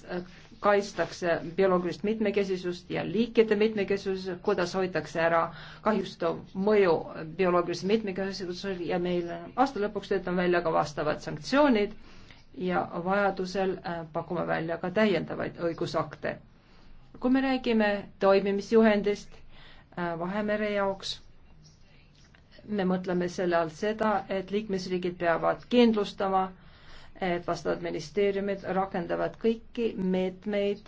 Speaker 3: kaitstakse bioloogilist mitmekesisust ja liikide mitmekesisust, kuidas hoitakse ära kahjustav mõju bioloogilisele mitmekesisusele ja meil aasta lõpuks töötame välja ka vastavad sanktsioonid ja vajadusel äh, pakume välja ka täiendavaid õigusakte. kui me räägime toimimisjuhendist äh, Vahemere jaoks, me mõtleme selle all seda, et liikmesriigid peavad kindlustama äh, et vastavad ministeeriumid rakendavad kõiki meetmeid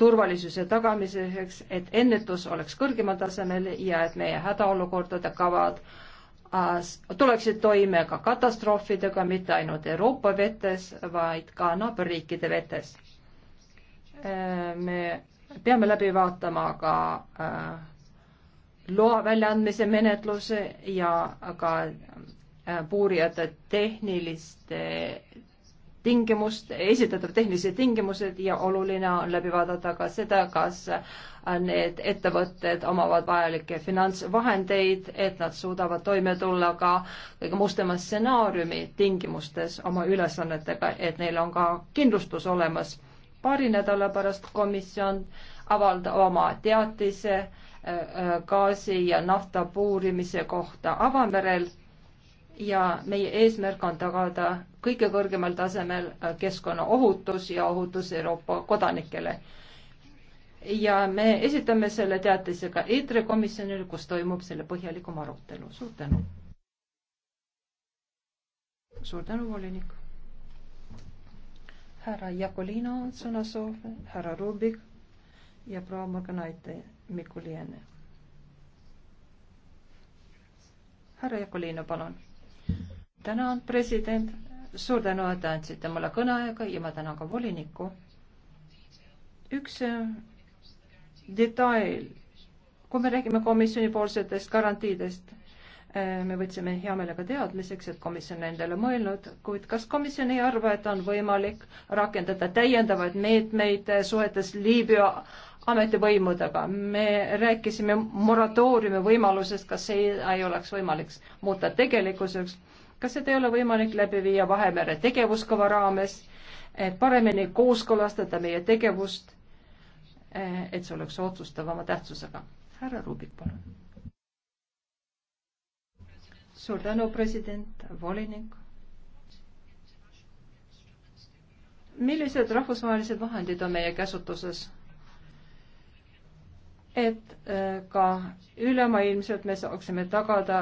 Speaker 3: turvalisuse tagamiseks, et ennetus oleks kõrgemal tasemel ja et meie hädaolukordade kavad äh, tuleksid toime ka katastroofidega, mitte ainult Euroopa vetes, vaid ka naaberriikide vetes. Äh, me peame läbi vaatama ka äh, loa väljaandmise menetluse ja ka Äh, puurijate tehniliste tingimust, esitatud tehnilised tingimused ja oluline on läbi vaadata ka seda, kas äh, need ettevõtted omavad vajalikke finantsvahendeid, et nad suudavad toime tulla ka kõige mustema stsenaariumi tingimustes oma ülesannetega, et neil on ka kindlustus olemas. paari nädala pärast komisjon avaldab oma teatise äh, gaasi ja nafta puurimise kohta avamerel ja meie eesmärk on tagada kõige kõrgemal tasemel äh, keskkonnaohutus ja ohutus Euroopa kodanikele. ja me esitame selle teatise ka EITRE komisjonile, kus toimub selle põhjalikum arutelu. suur tänu. suur tänu, volinik. härra Jakolino on sõnasoov, härra Rubik ja proua Morganaite Mikuliene. härra Jakolino, palun tänan, president, suur tänu, et te andsite mulle kõneaega ja ma tänan ka volinikku. üks äh, detail, kui me räägime komisjonipoolsetest garantiidest, äh, me võtsime hea meelega teadmiseks, et komisjon nendele mõelnud, kuid kas komisjon ei arva, et on võimalik rakendada täiendavaid meetmeid äh, suhetes Liibüa ametivõimudega, me rääkisime moratooriumi võimalusest, kas see ei oleks võimalik muuta tegelikkuseks, kas seda ei ole võimalik läbi viia Vahemere tegevuskava raames, et paremini kooskõlastada meie tegevust, et see oleks otsustavama tähtsusega. härra Rubik, palun. suur tänu, president, volinik. millised rahvusvahelised vahendid on meie käsutuses? et äh, ka ülemaailmselt me saaksime tagada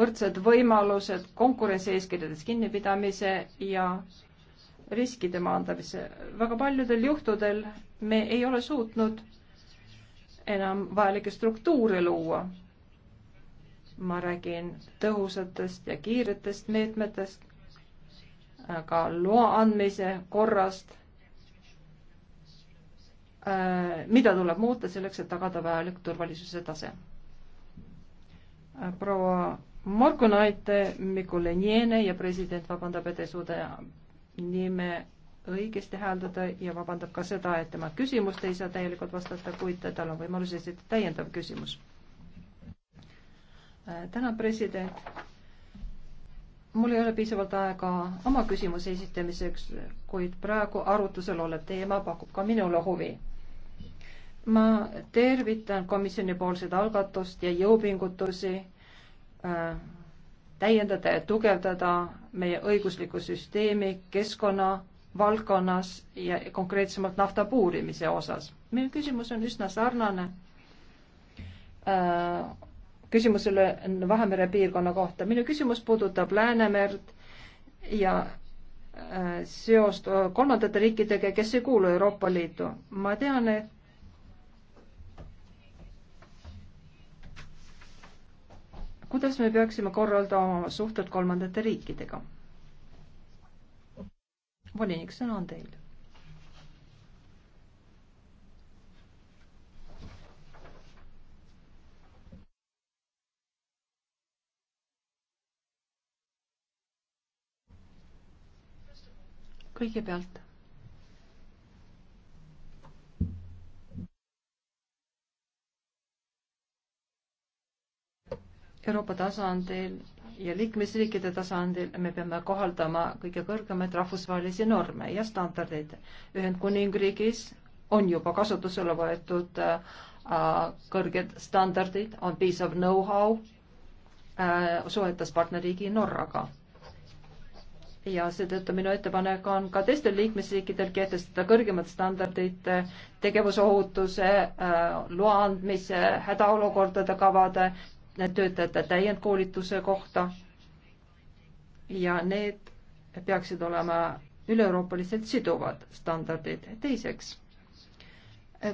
Speaker 3: võrdsed võimalused konkurentsieeskirjades kinnipidamise ja riskide maandamise. väga paljudel juhtudel me ei ole suutnud enam vajalikke struktuure luua. ma räägin tõhusatest ja kiiretest meetmetest, ka loa andmise korrast Äh, mida tuleb muuta selleks, et tagada vajalik turvalisuse tase. Äh, proua Morgunaite Mikulenjene ja president vabandab, et ei suuda nime õigesti hääldada ja vabandab ka seda, et tema küsimust ei saa täielikult vastata, kuid tal on võimalus esitada täiendav küsimus. Äh, tänan, president mul ei ole piisavalt aega oma küsimuse esitamiseks, kuid praegu arutusel olev teema pakub ka minule huvi. ma tervitan komisjonipoolset algatust ja jõupingutusi äh, täiendada ja tugevdada meie õiguslikku süsteemi keskkonna valdkonnas ja konkreetsemalt nafta puurimise osas. minu küsimus on üsna sarnane äh, küsimusele Vahemere piirkonna kohta. minu küsimus puudutab Läänemerd ja äh, seost äh, kolmandate riikidega, kes ei kuulu Euroopa Liitu. ma tean, et kuidas me peaksime korraldama oma suhted kolmandate riikidega? volinik, sõna on teil kõigepealt Euroopa tasandil ja liikmesriikide tasandil me peame kohaldama kõige kõrgemaid rahvusvahelisi norme ja standardeid. Ühendkuningriigis on juba kasutusele võetud äh, kõrged standardid, on piisav know-how äh, suhetes partnerriigi Norraga ja seetõttu minu ettepanek on ka teistel liikmesriikidel kehtestada kõrgemad standardid tegevusohutuse, äh, loa andmise, hädaolukordade kavade, töötajate täiendkoolituse kohta. ja need peaksid olema üleeuroopaliselt siduvad standardid. teiseks,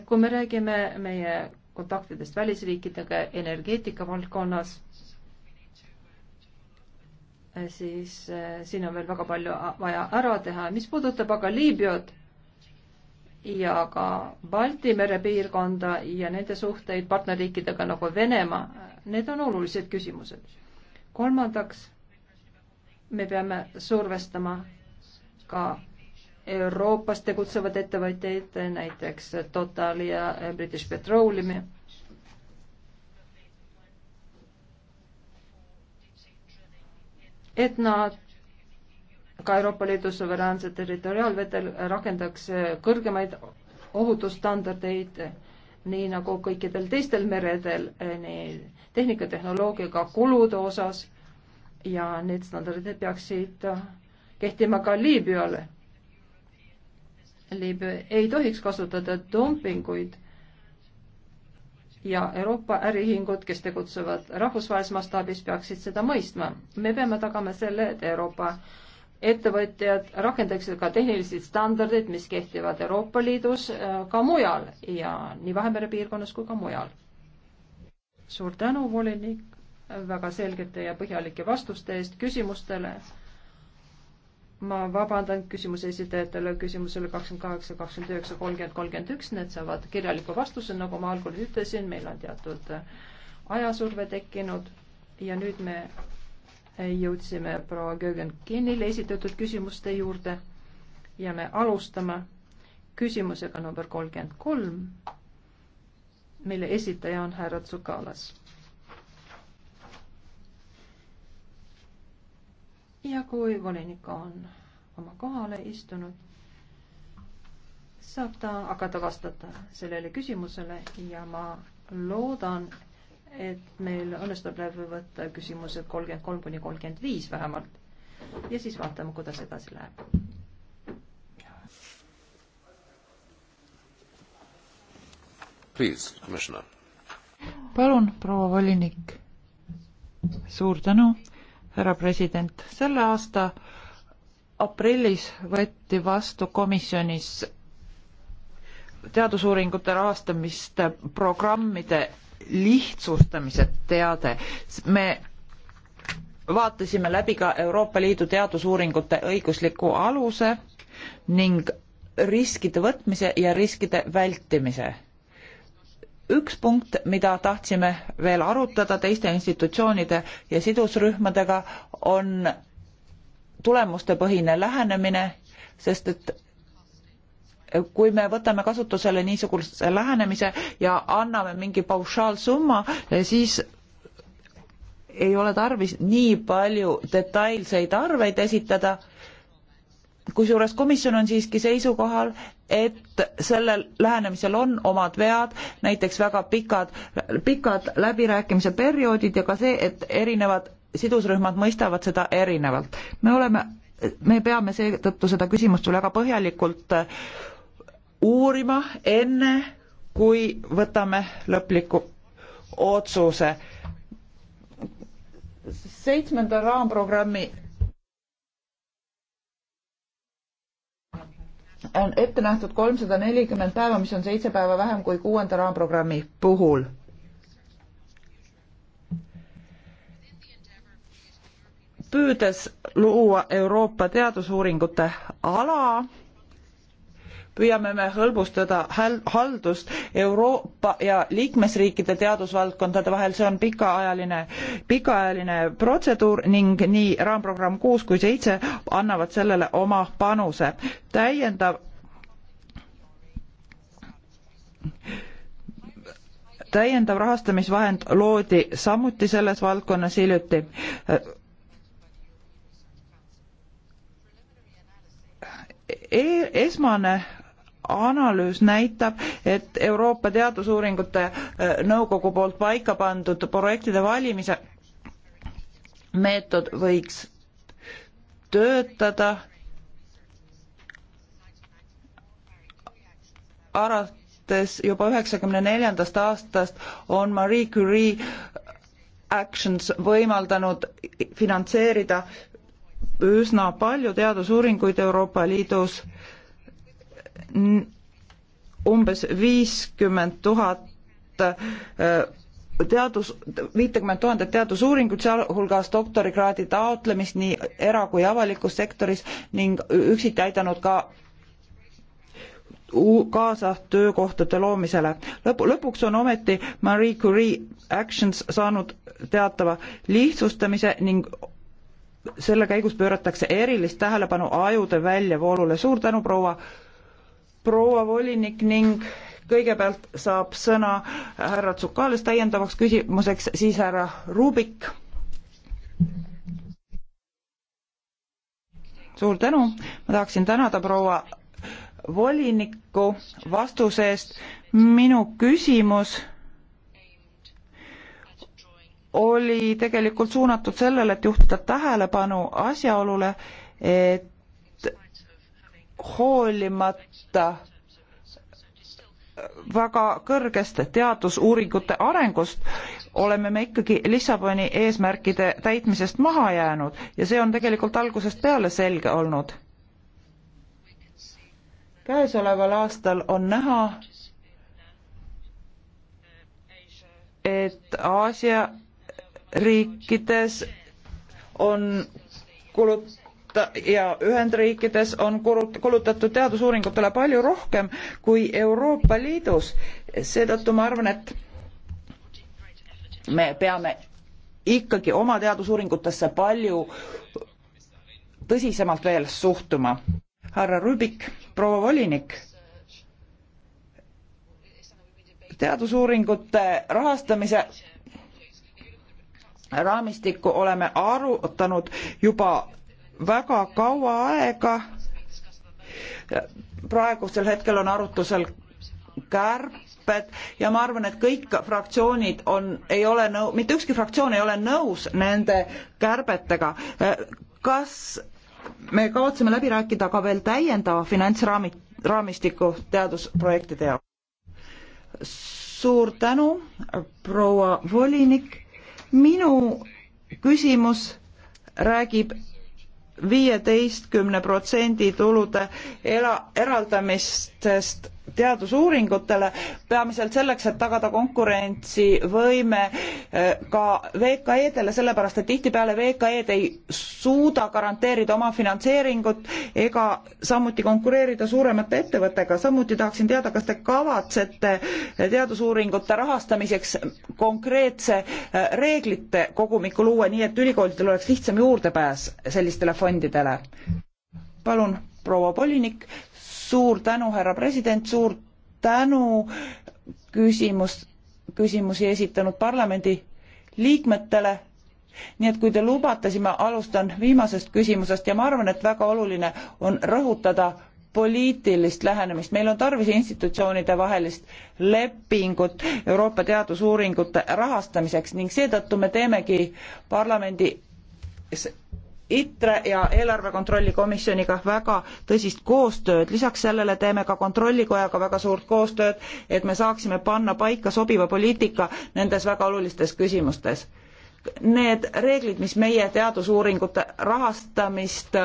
Speaker 3: kui me räägime meie kontaktidest välisriikidega energeetika valdkonnas, Eh, siis eh, siin on veel väga palju vaja ära teha. mis puudutab aga Liibüat ja ka Balti mere piirkonda ja nende suhteid partnerriikidega nagu Venemaa, eh, need on olulised küsimused. kolmandaks, me peame survestama ka Euroopas tegutsevad ettevõtjaid, näiteks Total ja British Petroleumi et nad ka Euroopa Liidu suveräänse territoriaalvetel rakendaks kõrgemaid ohutusstandardeid, nii nagu kõikidel teistel meredel, nii tehnikatehnoloogiaga kulude osas ja need standardid peaksid kehtima ka Liibüale. Liibüa ei tohiks kasutada dumpinguid ja Euroopa äriühingud, kes tegutsevad rahvusvahelises mastaabis, peaksid seda mõistma. me peame tagama selle, et Euroopa ettevõtjad rakendaksid ka tehnilised standardid, mis kehtivad Euroopa Liidus äh, ka mujal ja nii Vahemere piirkonnas kui ka mujal. suur tänu, volinik, väga selgete ja põhjalike vastuste eest küsimustele ma vabandan küsimuse esitajatele küsimusele kakskümmend kaheksa, kakskümmend üheksa, kolmkümmend, kolmkümmend üks, need saavad kirjaliku vastuse, nagu ma algul ütlesin, meil on teatud ajasurve tekkinud ja nüüd me jõudsime proua Gögen-Kinnile esitatud küsimuste juurde ja me alustame küsimusega number kolmkümmend kolm, mille esitaja on härra Tsukalas ja kui volinik on oma kohale istunud, saab ta hakata vastata sellele küsimusele ja ma loodan, et meil õnnestub läbi võtta küsimused kolmkümmend kolm kuni kolmkümmend viis vähemalt. ja siis vaatame, kuidas edasi läheb.
Speaker 1: palun, proua volinik. suur tänu härra president, selle aasta aprillis võeti vastu komisjonis teadusuuringute rahastamist programmide lihtsustamise teade. me vaatasime läbi ka Euroopa Liidu teadusuuringute õigusliku aluse ning riskide võtmise ja riskide vältimise üks punkt, mida tahtsime veel arutada teiste institutsioonide ja sidusrühmadega, on tulemustepõhine lähenemine, sest et kui me võtame kasutusele niisuguse lähenemise ja anname mingi paušaalsumma, siis ei ole tarvis nii palju detailseid arveid esitada kusjuures komisjon on siiski seisukohal, et sellel lähenemisel on omad vead, näiteks väga pikad, pikad läbirääkimise perioodid ja ka see, et erinevad sidusrühmad mõistavad seda erinevalt. me oleme, me peame seetõttu seda küsimust väga põhjalikult äh, uurima, enne kui võtame lõpliku otsuse. seitsmenda raamprogrammi on ette nähtud kolmsada nelikümmend päeva, mis on seitse päeva vähem kui kuuenda raamprogrammi puhul. püüdes luua Euroopa teadusuuringute ala, püüame me hõlbustada haldust Euroopa ja liikmesriikide teadusvaldkondade vahel, see on pikaajaline, pikaajaline protseduur ning nii raamprogramm kuus kui seitse annavad sellele oma panuse. täiendav täiendav rahastamisvahend loodi samuti selles valdkonnas hiljuti. E-, esmane analüüs näitab, et Euroopa Teadusuuringute äh, Nõukogu poolt paika pandud projektide valimise meetod võiks töötada alates juba üheksakümne neljandast aastast on Marie Curie äh, Actions võimaldanud finantseerida üsna palju teadusuuringuid Euroopa Liidus umbes viiskümmend tuhat äh, teadus, viitekümmet tuhandet teadusuuringut, sealhulgas doktorikraadi taotlemist nii era- kui avalikus sektoris ning üksiti aidanud ka kaasa töökohtade loomisele. lõpu, lõpuks on ometi Marie Curie Actions saanud teatava lihtsustamise ning selle käigus pööratakse erilist tähelepanu ajude väljavoolule. suur tänu, proua proua volinik ning kõigepealt saab sõna härra Tsukaalis täiendavaks küsimuseks, siis härra Rubik. suur tänu, ma tahaksin tänada proua voliniku vastuse eest. minu küsimus oli tegelikult suunatud sellele, et juhtida tähelepanu asjaolule, et hoolimata väga kõrgest teadusuuringute arengust oleme me ikkagi Lissaboni eesmärkide täitmisest maha jäänud ja see on tegelikult algusest peale selge olnud. käesoleval aastal on näha, et Aasia riikides on kulut-, kuluta- ja Ühendriikides on kulutatud teadusuuringutele palju rohkem kui Euroopa Liidus. seetõttu ma arvan, et me peame ikkagi oma teadusuuringutesse palju tõsisemalt veel suhtuma. härra Rubik, proua volinik, teadusuuringute rahastamise raamistikku oleme arutanud juba väga kaua aega. praegusel hetkel on arutusel kärped ja ma arvan, et kõik fraktsioonid on, ei ole nõu-, mitte ükski fraktsioon ei ole nõus nende kärbetega. kas me kavatseme läbi rääkida ka veel täiendava finantsraami, raamistiku teadusprojektide jaoks? suur tänu, proua volinik. minu küsimus räägib viieteistkümne protsendi tulude era-, eraldamistest teadusuuringutele peamiselt selleks, et tagada konkurentsivõime eh, ka VKE-dele, sellepärast et tihtipeale VKE-d ei suuda garanteerida oma finantseeringut ega samuti konkureerida suuremate ettevõttega. samuti tahaksin teada, kas te kavatsete teadusuuringute rahastamiseks konkreetse eh, reeglite kogumiku luua, nii et ülikoolidel oleks lihtsam juurdepääs sellistele fondidele? palun, proua volinik, suur tänu, härra president, suur tänu küsimus, küsimusi esitanud parlamendi liikmetele. nii et kui te lubate, siis ma alustan viimasest küsimusest ja ma arvan, et väga oluline on rõhutada poliitilist lähenemist, meil on tarvis institutsioonide vahelist lepingut Euroopa teadusuuringute rahastamiseks ning seetõttu me teemegi parlamendi ITRE ja eelarve kontrolli komisjoniga väga tõsist koostööd, lisaks sellele teeme ka Kontrollikojaga väga suurt koostööd, et me saaksime panna paika sobiva poliitika nendes väga olulistes küsimustes. Need reeglid, mis meie teadusuuringute rahastamist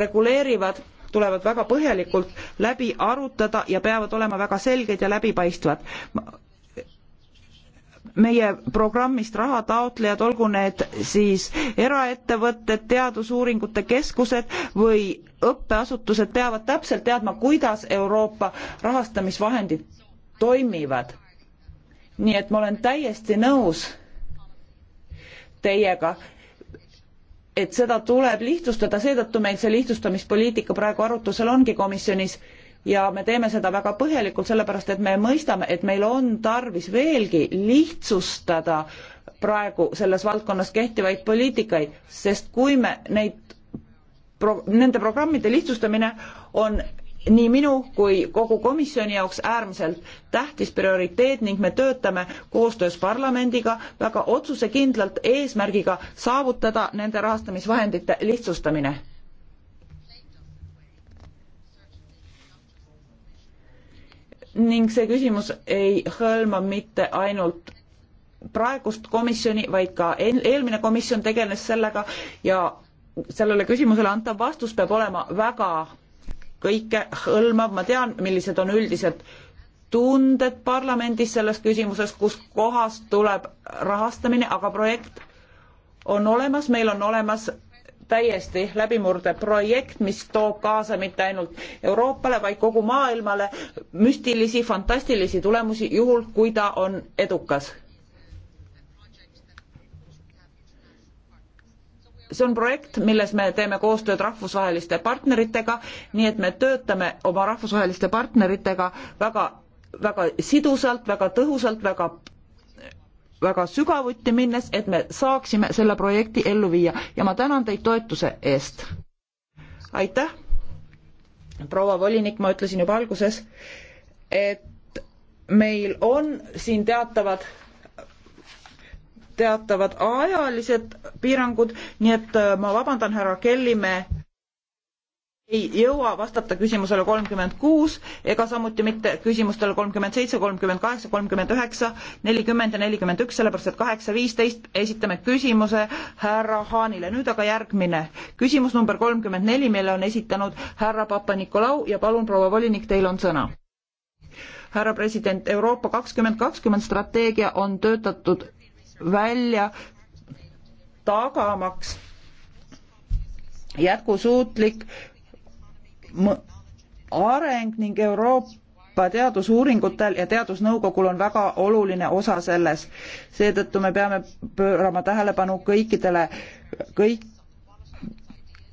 Speaker 1: reguleerivad, tulevad väga põhjalikult läbi arutada ja peavad olema väga selged ja läbipaistvad meie programmist rahataotlejad, olgu need siis eraettevõtted, teadusuuringute keskused või õppeasutused, peavad täpselt teadma, kuidas Euroopa rahastamisvahendid toimivad. nii et ma olen täiesti nõus teiega, et seda tuleb lihtsustada, seetõttu meil see lihtsustamispoliitika praegu arutusel ongi komisjonis ja me teeme seda väga põhjalikult, sellepärast et me mõistame, et meil on tarvis veelgi lihtsustada praegu selles valdkonnas kehtivaid poliitikaid, sest kui me neid pro,, nende programmide lihtsustamine on nii minu kui kogu komisjoni jaoks äärmiselt tähtis prioriteet ning me töötame koostöös parlamendiga väga otsusekindlalt eesmärgiga saavutada nende rahastamisvahendite lihtsustamine ning see küsimus ei hõlma mitte ainult praegust komisjoni, vaid ka eelmine komisjon tegeles sellega ja sellele küsimusele antav vastus peab olema väga kõike hõlmav, ma tean, millised on üldised tunded parlamendis selles küsimuses, kus kohast tuleb rahastamine, aga projekt on olemas, meil on olemas täiesti läbimurdeprojekt, mis toob kaasa mitte ainult Euroopale, vaid kogu maailmale müstilisi, fantastilisi tulemusi, juhul kui ta on edukas. see on projekt, milles me teeme koostööd rahvusvaheliste partneritega, nii et me töötame oma rahvusvaheliste partneritega väga väga sidusalt, väga tõhusalt, väga väga sügavuti minnes, et me saaksime selle projekti ellu viia ja ma tänan teid toetuse eest. aitäh, proua volinik, ma ütlesin juba alguses, et meil on siin teatavad teatavad ajalised piirangud, nii et äh, ma vabandan, härra Kelly, me ei jõua vastata küsimusele kolmkümmend kuus ega samuti mitte küsimustele kolmkümmend seitse, kolmkümmend kaheksa, kolmkümmend üheksa, nelikümmend ja nelikümmend üks, sellepärast et kaheksa viisteist esitame küsimuse härra Haanile. nüüd aga järgmine küsimus number kolmkümmend neli, mille on esitanud härra Papa-Nikolau ja palun, proua volinik, teil on sõna. härra president, Euroopa kakskümmend kakskümmend strateegia on töötatud välja tagamaks jätkusuutlik areng ning Euroopa teadusuuringutel ja teadusnõukogul on väga oluline osa selles. seetõttu me peame pöörama tähelepanu kõikidele, kõik,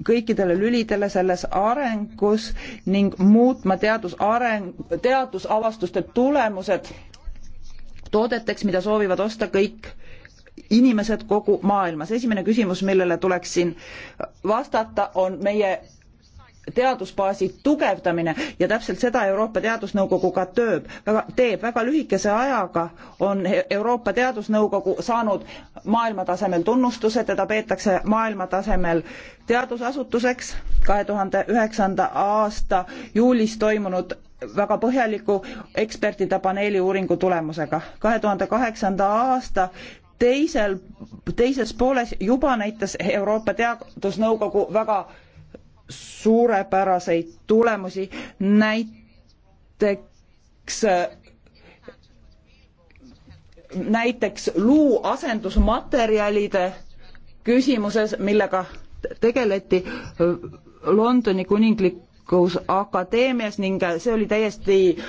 Speaker 1: kõikidele lülidele selles arengus ning muutma teadusareng, teadusavastuste tulemused toodeteks, mida soovivad osta kõik inimesed kogu maailmas. esimene küsimus, millele tuleks siin vastata, on meie teadusbaasi tugevdamine ja täpselt seda Euroopa Teadusnõukogu ka tööb, teeb. väga lühikese ajaga on Euroopa Teadusnõukogu saanud maailma tasemel tunnustuse, teda peetakse maailma tasemel teadusasutuseks. kahe tuhande üheksanda aasta juulis toimunud väga põhjaliku ekspertide paneeli uuringu tulemusega. kahe tuhande kaheksanda aasta teisel, teises pooles juba näitas Euroopa Teadusnõukogu väga suurepäraseid tulemusi, näiteks näiteks luu asendusmaterjalide küsimuses, millega tegeleti Londoni kuninglikus akadeemias ning see oli täiesti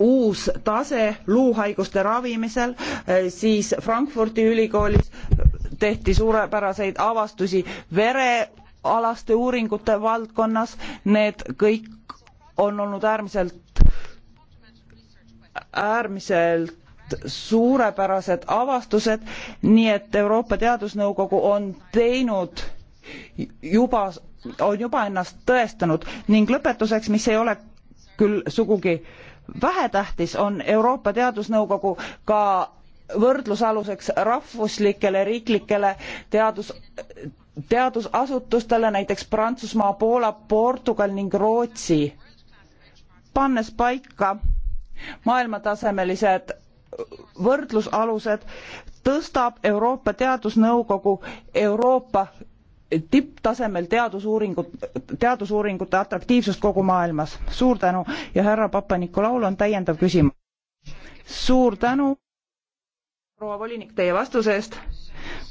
Speaker 1: uus tase luuhaiguste ravimisel, siis Frankfurdi ülikoolis tehti suurepäraseid avastusi verealaste uuringute valdkonnas need kõik on olnud äärmiselt äärmiselt suurepärased avastused nii et euroopa teadusnõukogu on teinud juba on juba ennast tõestanud ning lõpetuseks mis ei ole küll sugugi vähetähtis on euroopa teadusnõukogu ka võrdlusaluseks rahvuslikele riiklikele teadus teadusasutustele näiteks prantsusmaa poola portugal ning rootsi pannes paika maailmatasemelised võrdlusalused tõstab euroopa teadusnõukogu euroopa tipptasemel teadusuuringut teadusuuringute atraktiivsust kogu maailmas suur tänu ja härra papanikolaul on täiendav küsimus suur tänu proua volinik, teie vastuse eest.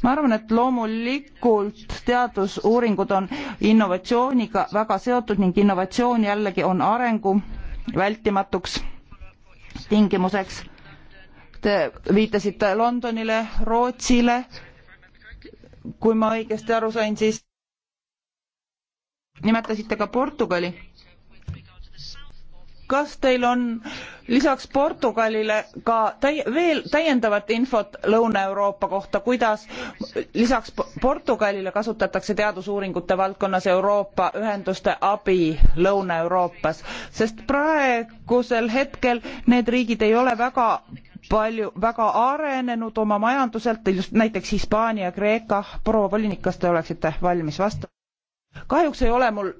Speaker 1: ma arvan, et loomulikult teadusuuringud on innovatsiooniga väga seotud ning innovatsioon jällegi on arengu vältimatuks tingimuseks. Te viitasite Londonile, Rootsile. kui ma õigesti aru sain, siis nimetasite ka Portugali kas teil on lisaks Portugalile ka täi- veel täiendavat infot Lõuna-Euroopa kohta, kuidas lisaks Portugalile kasutatakse teadusuuringute valdkonnas Euroopa ühenduste abi Lõuna-Euroopas, sest praegusel hetkel need riigid ei ole väga palju, väga arenenud oma majanduselt, just näiteks Hispaania, Kreeka, proua volinik, kas te oleksite valmis vastama? kahjuks ei ole mul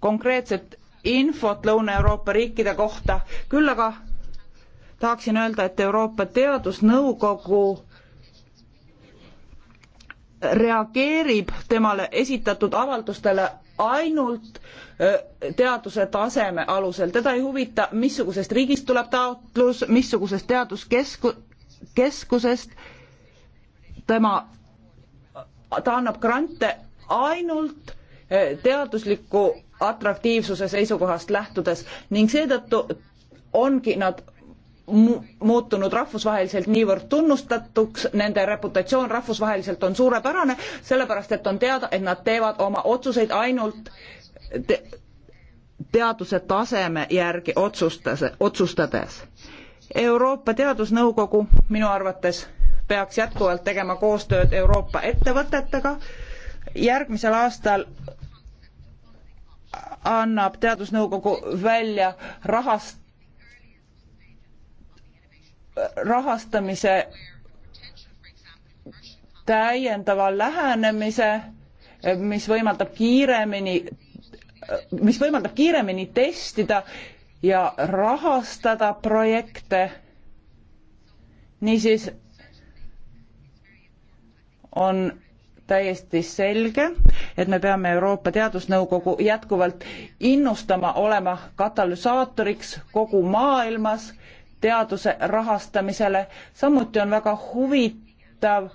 Speaker 1: konkreetset infot Lõuna-Euroopa riikide kohta, küll aga tahaksin öelda, et Euroopa Teadusnõukogu reageerib temale esitatud avaldustele ainult äh, teaduse taseme alusel, teda ei huvita, missugusest riigist tuleb taotlus, missugusest teaduskesku-, keskusest, tema, ta annab grante ainult äh, teadusliku atraktiivsuse seisukohast lähtudes ning seetõttu ongi nad mu muutunud rahvusvaheliselt niivõrd tunnustatuks, nende reputatsioon rahvusvaheliselt on suurepärane, sellepärast et on teada, et nad teevad oma otsuseid ainult te teaduse taseme järgi otsustas, otsustades. Euroopa Teadusnõukogu minu arvates peaks jätkuvalt tegema koostööd Euroopa ettevõtetega. järgmisel aastal annab teadusnõukogu välja rahast, rahastamise täiendava lähenemise, mis võimaldab kiiremini, mis võimaldab kiiremini testida ja rahastada projekte. niisiis on täiesti selge, et me peame Euroopa Teadusnõukogu jätkuvalt innustama olema katalüsaatoriks kogu maailmas teaduse rahastamisele. samuti on väga huvitav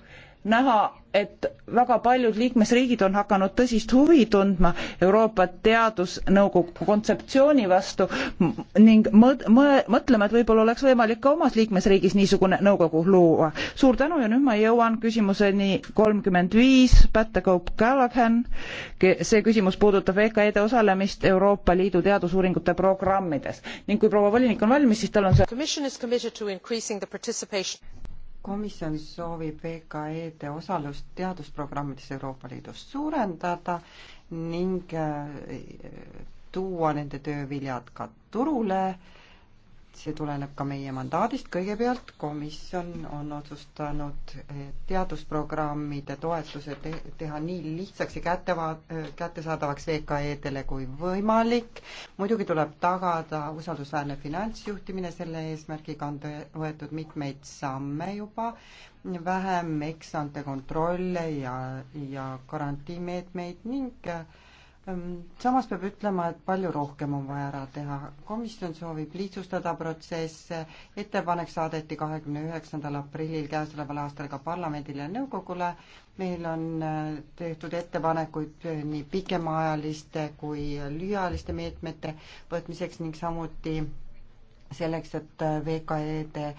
Speaker 1: näha, et väga paljud liikmesriigid on hakanud tõsist huvi tundma Euroopa Teadusnõukogu kontseptsiooni vastu ning mõt-, mõtlema, et võib-olla oleks võimalik ka omas liikmesriigis niisugune nõukogu luua. suur tänu ja nüüd ma jõuan küsimuseni kolmkümmend viis, Pat the Cope Gallaghan, see küsimus puudutab VKE-de osalemist Euroopa Liidu teadusuuringute programmides.
Speaker 2: ning kui proua volinik on valmis, siis tal on see komisjon soovib VKE-de osalust teadusprogrammides Euroopa Liidus suurendada ning äh, tuua nende tööviljad ka turule see tuleneb ka meie mandaadist, kõigepealt komisjon on otsustanud teadusprogrammide toetuse te teha nii lihtsaks ja kätteva-, kättesaadavaks VKE-dele kui võimalik. muidugi tuleb tagada usaldusväärne finantsjuhtimine, selle eesmärgiga on võetud mitmeid samme juba, vähem eksante kontrolle ja, ja garantiimeetmeid ning äh, Ehm, samas peab ütlema, et palju rohkem on vaja ära teha. komisjon soovib lihtsustada protsesse, ettepanek saadeti kahekümne üheksandal aprillil käesoleval aastal ka parlamendile ja nõukogule. meil on äh, tehtud ettepanekuid äh, nii pikemaajaliste kui lühiajaliste meetmete võtmiseks ning samuti selleks, et äh, VKE-de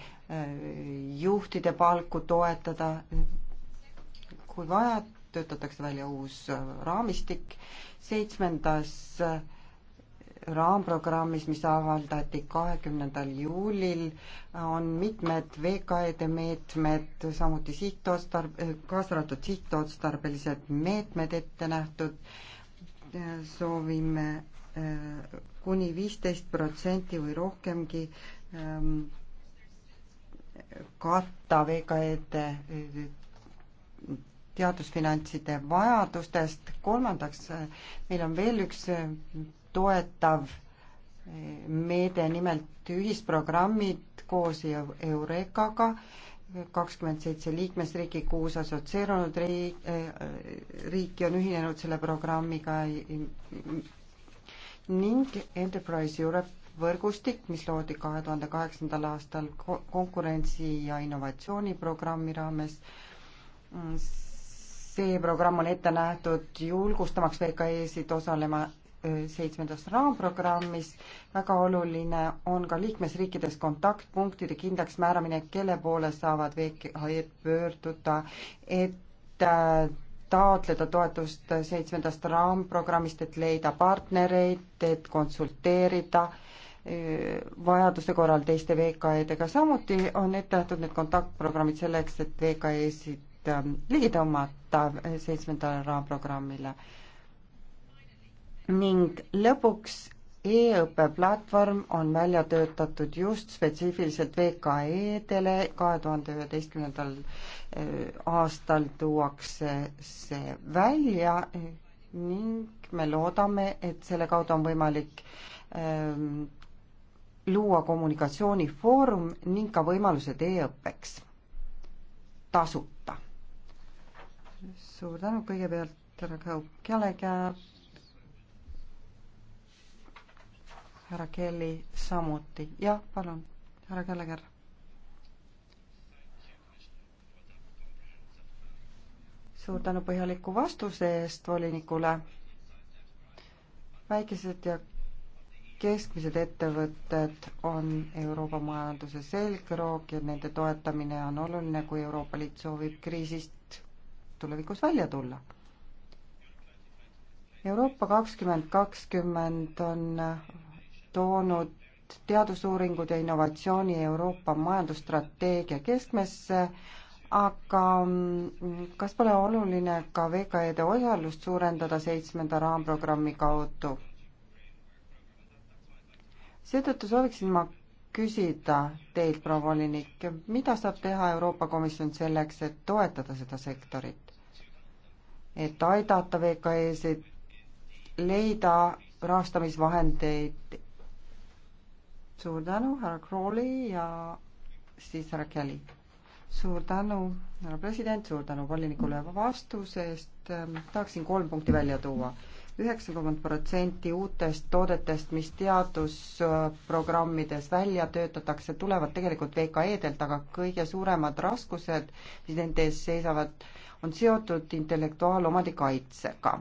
Speaker 2: juhtide palku toetada, kui vaja, töötatakse välja uus äh, raamistik. seitsmendas äh, raamprogrammis, mis avaldati kahekümnendal juulil, äh, on mitmed VKE-de meetmed, samuti sihtotstarb-, kaasa arvatud sihtotstarbelised meetmed ette nähtud. soovime kuni viisteist protsenti või rohkemgi ähm, katta VKE-de teadusfinantside vajadustest, kolmandaks meil on veel üks toetav meede, nimelt ühisprogrammid koos Eurekaga, kakskümmend seitse liikmesriiki, kuus assotsieerunud riik, eh, riiki on ühinenud selle programmiga ning Enterprise Europe võrgustik, mis loodi kahe tuhande kaheksandal aastal konkurentsi- ja innovatsiooniprogrammi raames. Mm, see programm on ette nähtud julgustamaks VKE-sid osalema seitsmendas raamprogrammis. väga oluline on ka liikmesriikides kontaktpunktide kindlaks määramine, kelle poole saavad VKE-d pöörduda, et äh, taotleda toetust seitsmendast raamprogrammist, et leida partnereid, et konsulteerida vajaduse korral teiste VKE-dega. samuti on ette nähtud need kontaktprogrammid selleks, et VKE-sid Ähm, ligi tõmmata äh, seitsmendale raamprogrammile. ning lõpuks e-õppe platvorm on välja töötatud just spetsiifiliselt VKE-dele, kahe tuhande üheteistkümnendal äh, aastal tuuakse see välja ning me loodame, et selle kaudu on võimalik ähm, luua kommunikatsioonifoorum ning ka võimalused e-õppeks tasuta suur tänu kõigepealt härra Kaup-Kjalega, härra Kelly samuti. jah, palun, härra Kjaleger. suur tänu põhjaliku vastuse eest volinikule. väikesed ja keskmised ettevõtted on Euroopa majanduse selgroog ja nende toetamine on oluline, kui Euroopa Liit soovib kriisist tulevikus välja tulla. Euroopa kakskümmend kakskümmend on toonud teadusuuringud ja innovatsiooni Euroopa majandusstrateegia keskmesse, aga kas pole oluline ka VKE-de osalust suurendada seitsmenda raamprogrammi kaudu? seetõttu sooviksin ma küsida teilt, proua volinik, mida saab teha Euroopa Komisjon selleks, et toetada seda sektorit? et aidata VKE-sid leida rahastamisvahendeid. suur tänu, härra Krooli ja siis härra Kelly. suur tänu, härra president, suur tänu volinikule vastuse eest. tahaksin kolm punkti välja tuua üheksakümmend protsenti uutest toodetest, mis teadusprogrammides välja töötatakse, tulevad tegelikult VKE-delt, aga kõige suuremad raskused, mis nende ees seisavad, on seotud intellektuaalomandi kaitsega.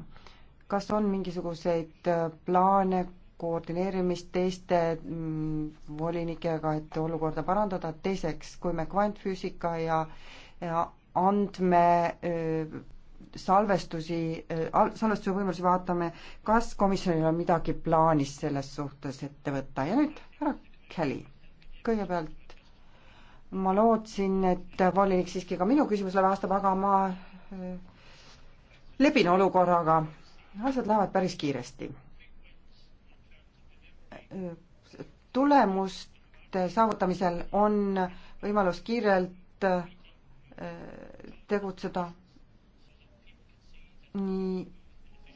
Speaker 2: kas on mingisuguseid äh, plaane, koordineerimist teiste mm, volinikega, et olukorda parandada, teiseks, kui me kvantfüüsika ja, ja andme öö, äh, salvestusi, äh, salvestuse võimalusi vaatame, kas komisjonil on midagi plaanis selles suhtes ette võtta ja nüüd härra Kelly, kõigepealt ma lootsin, et volinik siiski ka minu küsimusele vastab, aga ma äh, lepin olukorraga, asjad lähevad päris kiiresti. Äh, tulemuste saavutamisel on võimalus kiirelt tegutseda nii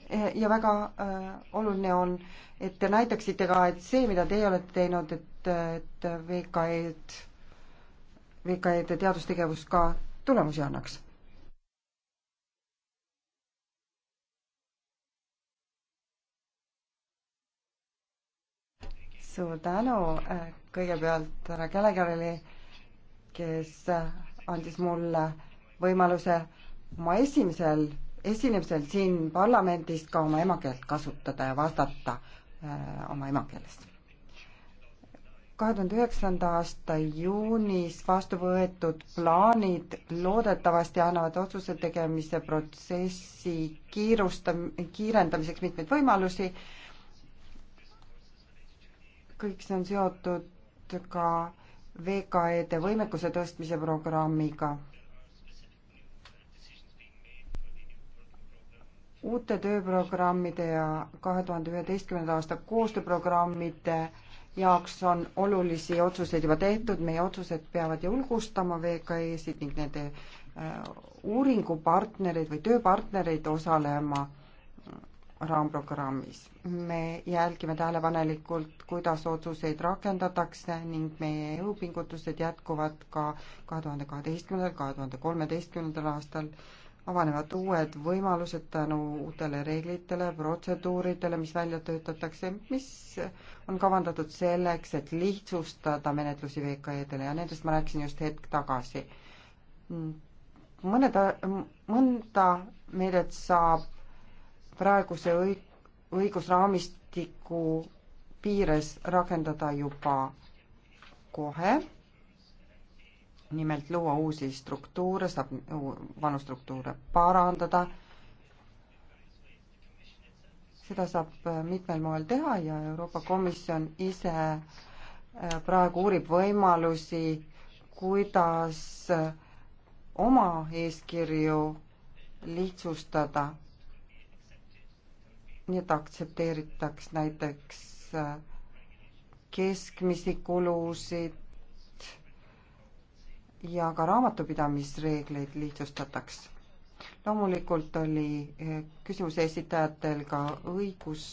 Speaker 2: eh, ja väga äh, oluline on, et te näitaksite ka, et see, mida teie olete teinud, et, et VKE-d, VKE-de teadustegevus ka tulemusi annaks. suur tänu eh, kõigepealt härra Kellekerile, kes andis mulle võimaluse oma esimesel esinemisel siin parlamendis ka oma emakeelt kasutada ja vastata äh, oma emakeeles. kahe tuhande üheksanda aasta juunis vastu võetud plaanid loodetavasti annavad otsuse tegemise protsessi kiirustam-, kiirendamiseks mitmeid võimalusi. kõik see on seotud ka VKE-de võimekuse tõstmise programmiga uute tööprogrammide ja kahe tuhande üheteistkümnenda aasta koostööprogrammide jaoks on olulisi otsuseid juba tehtud, meie otsused peavad julgustama VKE-sid ning nende äh, uuringupartnereid või tööpartnereid osalema äh, raamprogrammis. me jälgime tähelepanelikult, kuidas otsuseid rakendatakse ning meie jõupingutused jätkuvad ka kahe tuhande kaheteistkümnendal, kahe tuhande kolmeteistkümnendal aastal avanevad uued võimalused tänu uutele reeglitele, protseduuridele, mis välja töötatakse, mis on kavandatud selleks, et lihtsustada menetlusi VKE-dele ja nendest ma rääkisin just hetk tagasi. mõned, mõnda meedet saab praeguse õig-, õigusraamistiku piires rakendada juba kohe nimelt luua uusi struktuure, saab vanu struktuure parandada. seda saab äh, mitmel moel teha ja Euroopa Komisjon ise äh, praegu uurib võimalusi, kuidas äh, oma eeskirju lihtsustada. nii et aktsepteeritaks näiteks keskmisi kulusid, ja ka raamatupidamisreegleid lihtsustataks. loomulikult oli eh, küsimuse esitajatel ka õigus,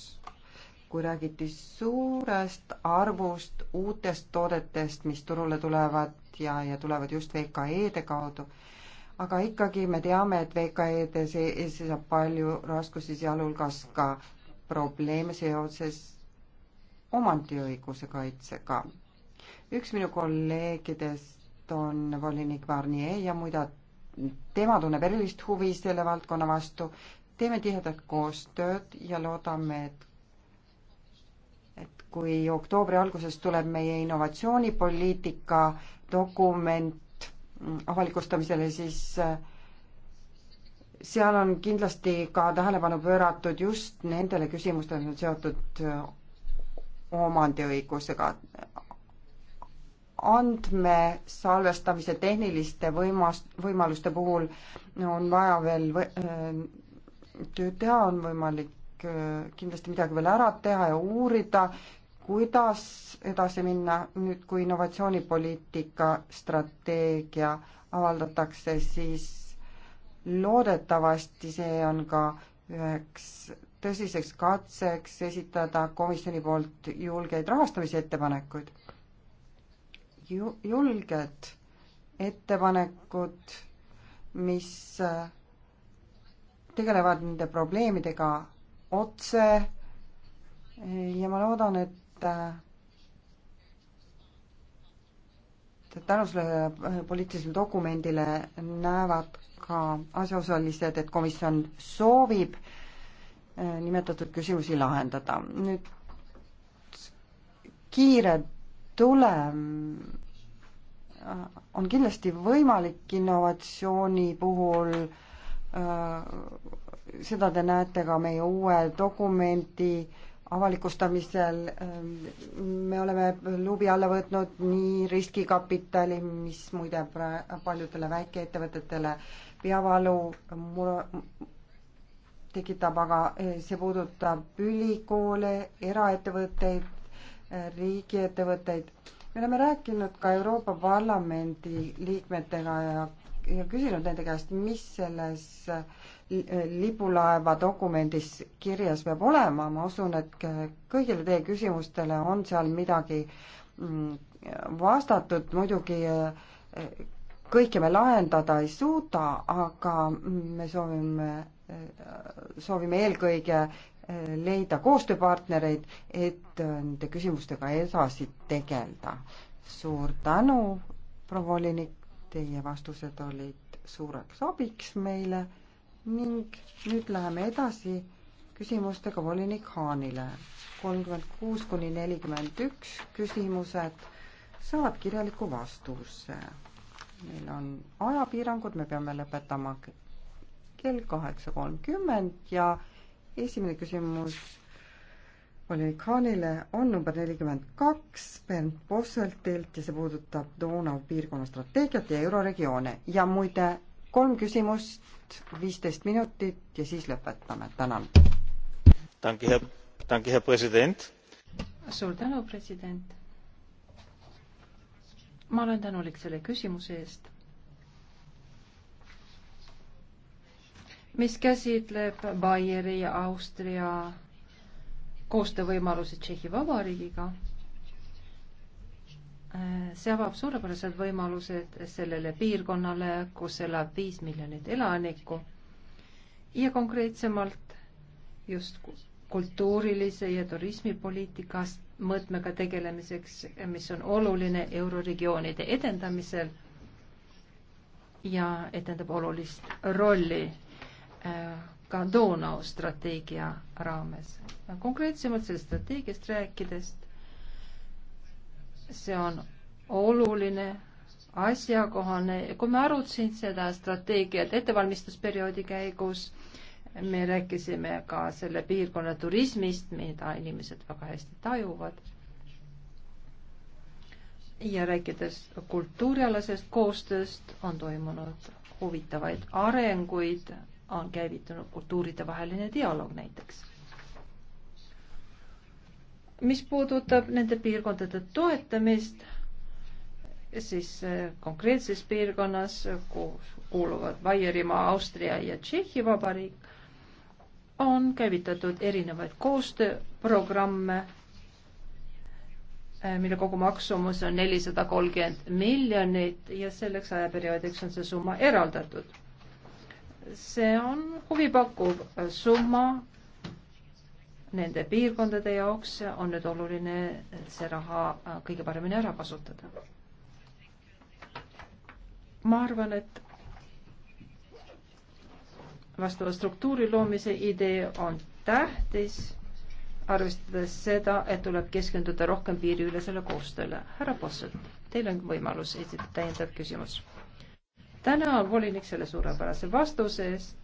Speaker 2: kui räägiti suurest arvust uutest toodetest, mis turule tulevad ja, ja tulevad just VKE-de kaudu aga ikkagi me teame, et VKE-de sees seisab palju raskusi, sealhulgas ka probleeme seoses omandiõiguse kaitsega. üks minu kolleegidest on volinik Barnier ja muide, tema tunneb erilist huvi selle valdkonna vastu. teeme tihedat koostööd ja loodame, et et kui oktoobri alguses tuleb meie innovatsioonipoliitika dokument avalikustamisele, siis äh, seal on kindlasti ka tähelepanu pööratud just nendele küsimustele, mis on seotud äh, omandiõigusega andmesalvestamise tehniliste võimas-, võimaluste puhul on vaja veel võ-, äh, tööd teha, on võimalik äh, kindlasti midagi veel ära teha ja uurida, kuidas edasi minna nüüd, kui innovatsioonipoliitika strateegia avaldatakse, siis loodetavasti see on ka üheks tõsiseks katseks esitada komisjoni poolt julgeid rahastamise ettepanekuid ju-, julged ettepanekud, mis äh, tegelevad nende probleemidega otse ja ma loodan, et äh, et tänu sellele äh, poliitilisele dokumendile näevad ka asjaosalised, et komisjon soovib nimetatud küsimusi lahendada. nüüd kiired tulem on kindlasti võimalik innovatsiooni puhul, äh, seda te näete ka meie uue dokumendi avalikustamisel, me oleme luubi alla võtnud nii riskikapitali, mis muide pra-, paljudele väikeettevõtetele peavalu tekitab, aga eh, see puudutab ülikoole, eraettevõtteid, riigiettevõtteid. me oleme rääkinud ka Euroopa Parlamendi liikmetega ja, ja küsinud nende käest, mis selles lipulaeva dokumendis kirjas peab olema, ma usun, et kõigile teie küsimustele on seal midagi mm, vastatud, muidugi äh, kõike me lahendada ei suuda, aga me soovime, äh, soovime eelkõige leida koostööpartnereid, et nende küsimustega edasi tegeleda. suur tänu, proua volinik, teie vastused olid suureks abiks meile ning nüüd läheme edasi küsimustega volinik Haanile. kolmkümmend kuus kuni nelikümmend üks küsimused saavad kirjaliku vastuse. meil on ajapiirangud, me peame lõpetama kell kaheksa kolmkümmend ja esimene küsimus volinik Haanile on number nelikümmend kaks Bernd Posseltilt ja see puudutab Donau piirkonna strateegiat ja euroregioone ja muide kolm küsimust, viisteist minutit ja siis lõpetame, tänan. suur
Speaker 3: tänu, president. ma olen tänulik selle küsimuse eest mis käsitleb Baieri ja Austria koostöövõimalusi Tšehhi Vabariigiga. see avab suurepärased võimalused sellele piirkonnale, kus elab viis miljonit elanikku ja konkreetsemalt just kultuurilise ja turismipoliitikast mõõtmega tegelemiseks, mis on oluline euroregioonide edendamisel ja etendab olulist rolli Äh, ka Donau strateegia raames. konkreetsemalt sellest strateegiast rääkides, see on oluline, asjakohane ja kui me arutasin seda strateegiat ettevalmistusperioodi käigus, me rääkisime ka selle piirkonna turismist, mida inimesed väga hästi tajuvad. ja rääkides kultuurialasest koostööst, on toimunud huvitavaid arenguid on käivitunud kultuuridevaheline dialoog näiteks. mis puudutab nende piirkondade toetamist, siis eh, konkreetses piirkonnas, eh, kuhu kuuluvad Baierimaa, Austria ja Tšehhi Vabariik, on käivitatud erinevaid koostööprogramme, eh, mille kogumaksumus on nelisada kolmkümmend miljonit ja selleks ajaperioodiks on see summa eraldatud see on huvipakkuv summa nende piirkondade jaoks, on nüüd oluline see raha kõige paremini ära kasutada. ma arvan, et vastava struktuuri loomise idee on tähtis, arvestades seda, et tuleb keskenduda rohkem piiriülesele koostööle. härra Posselt, teil on võimalus esitada täiendav küsimus tänan, volinik, selle suurepärase vastuse eest.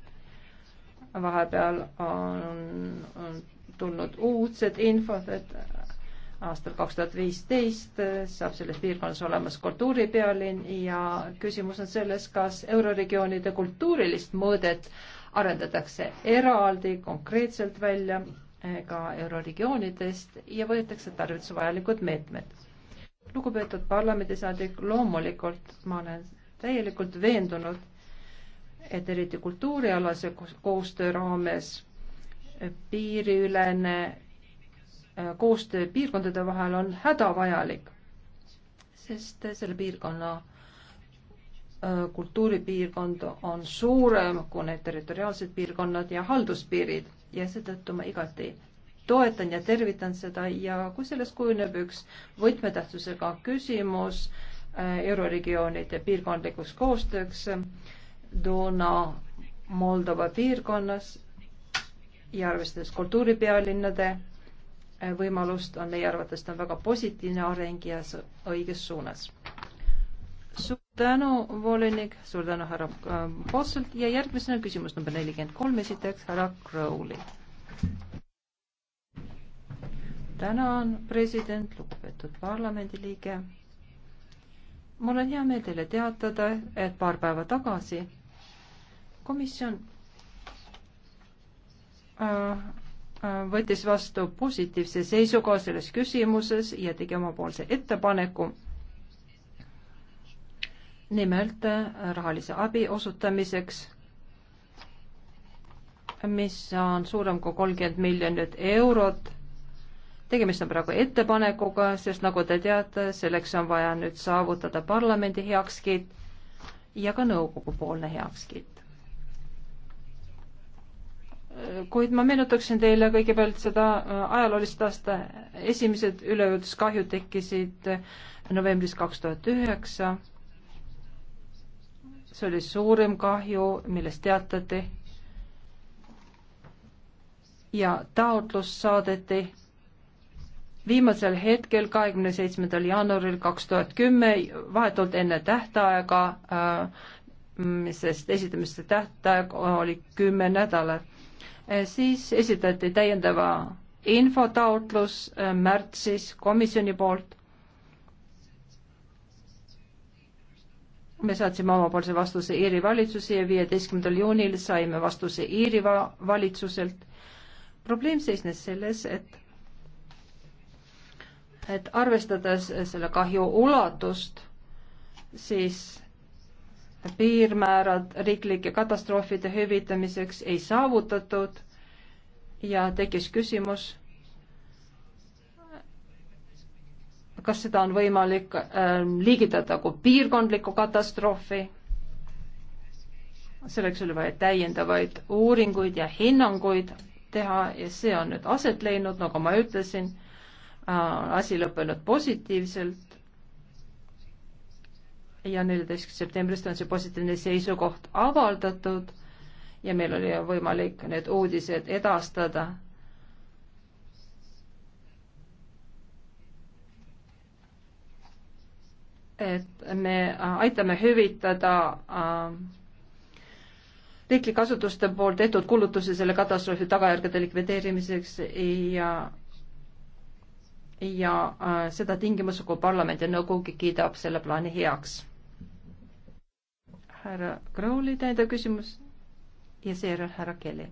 Speaker 3: vahepeal on, on tulnud uudset infot, et aastal kaks tuhat viisteist saab selles piirkonnas olemas kultuuripealinn ja küsimus on selles, kas euroregioonide kultuurilist mõõdet arendatakse eraldi konkreetselt välja eh, ka euroregioonidest ja võetakse tarvitusvajalikud meetmed. lugupeetud parlamendisadik, loomulikult ma olen täielikult veendunud, et eriti kultuurialase koostöö raames piiriülene äh, koostöö piirkondade vahel on hädavajalik, sest selle piirkonna äh, kultuuripiirkond on suurem kui need territoriaalsed piirkonnad ja halduspiirid ja seetõttu ma igati toetan ja tervitan seda ja kui sellest kujuneb üks võtmetähtsusega küsimus äh, Äh, euroregioonide piirkondlikuks koostööks Doona Moldova piirkonnas ja arvestades kultuuripealinnade äh, võimalust, on meie arvates ta on väga positiivne areng ja õiges suunas. suur tänu, volinik, suur tänu, härra äh, Posselt ja järgmisena küsimus number nelikümmend kolm, esitajaks härra Crowley. tänan, president, lugupeetud parlamendiliige mul on hea meel teile teatada, et paar päeva tagasi komisjon äh, äh, võttis vastu positiivse seisukoha selles küsimuses ja tegi omapoolse ettepaneku nimelt äh, rahalise abi osutamiseks, mis on suurem kui kolmkümmend miljonit eurot tegemist on praegu ettepanekuga, sest nagu te teate, selleks on vaja nüüd saavutada parlamendi heakskiit ja ka nõukogu poolne heakskiit. kuid ma meenutaksin teile kõigepealt seda äh, ajaloolist aasta, esimesed üleujutuskahjud tekkisid äh, novembris kaks tuhat üheksa. see oli suurim kahju, millest teatati. ja taotlus saadeti viimasel hetkel, kahekümne seitsmendal jaanuaril kaks tuhat kümme, vahetult enne tähtaega äh,, sest esitamise tähtaeg oli kümme nädalat äh,, siis esitati täiendava infotaotlus äh, märtsis komisjoni poolt. me saatsime omapoolse vastuse Iiri valitsuse ja viieteistkümnendal juunil saime vastuse Iiri valitsuselt. probleem seisnes selles, et et arvestades selle kahju ulatust, siis piirmäärad riiklike katastroofide hüvitamiseks ei saavutatud ja tekkis küsimus, kas seda on võimalik äh, liigitada kui piirkondlikku katastroofi. selleks oli vaja täiendavaid uuringuid ja hinnanguid teha ja see on nüüd aset leidnud, nagu ma ütlesin Äh, asi lõppenud positiivselt ja neljateistkümnest septembrist on see positiivne seisukoht avaldatud ja meil oli võimalik need uudised edastada et me äh, aitame hüvitada äh, riiklik asutuste poolt tehtud kulutusi selle katastroofi tagajärgede likvideerimiseks ja ja äh, seda tingimusel, kui parlament ja nõukogu kiidab selle plaani heaks. härra Crowley, täiendav küsimus ja seejärel härra Kelly.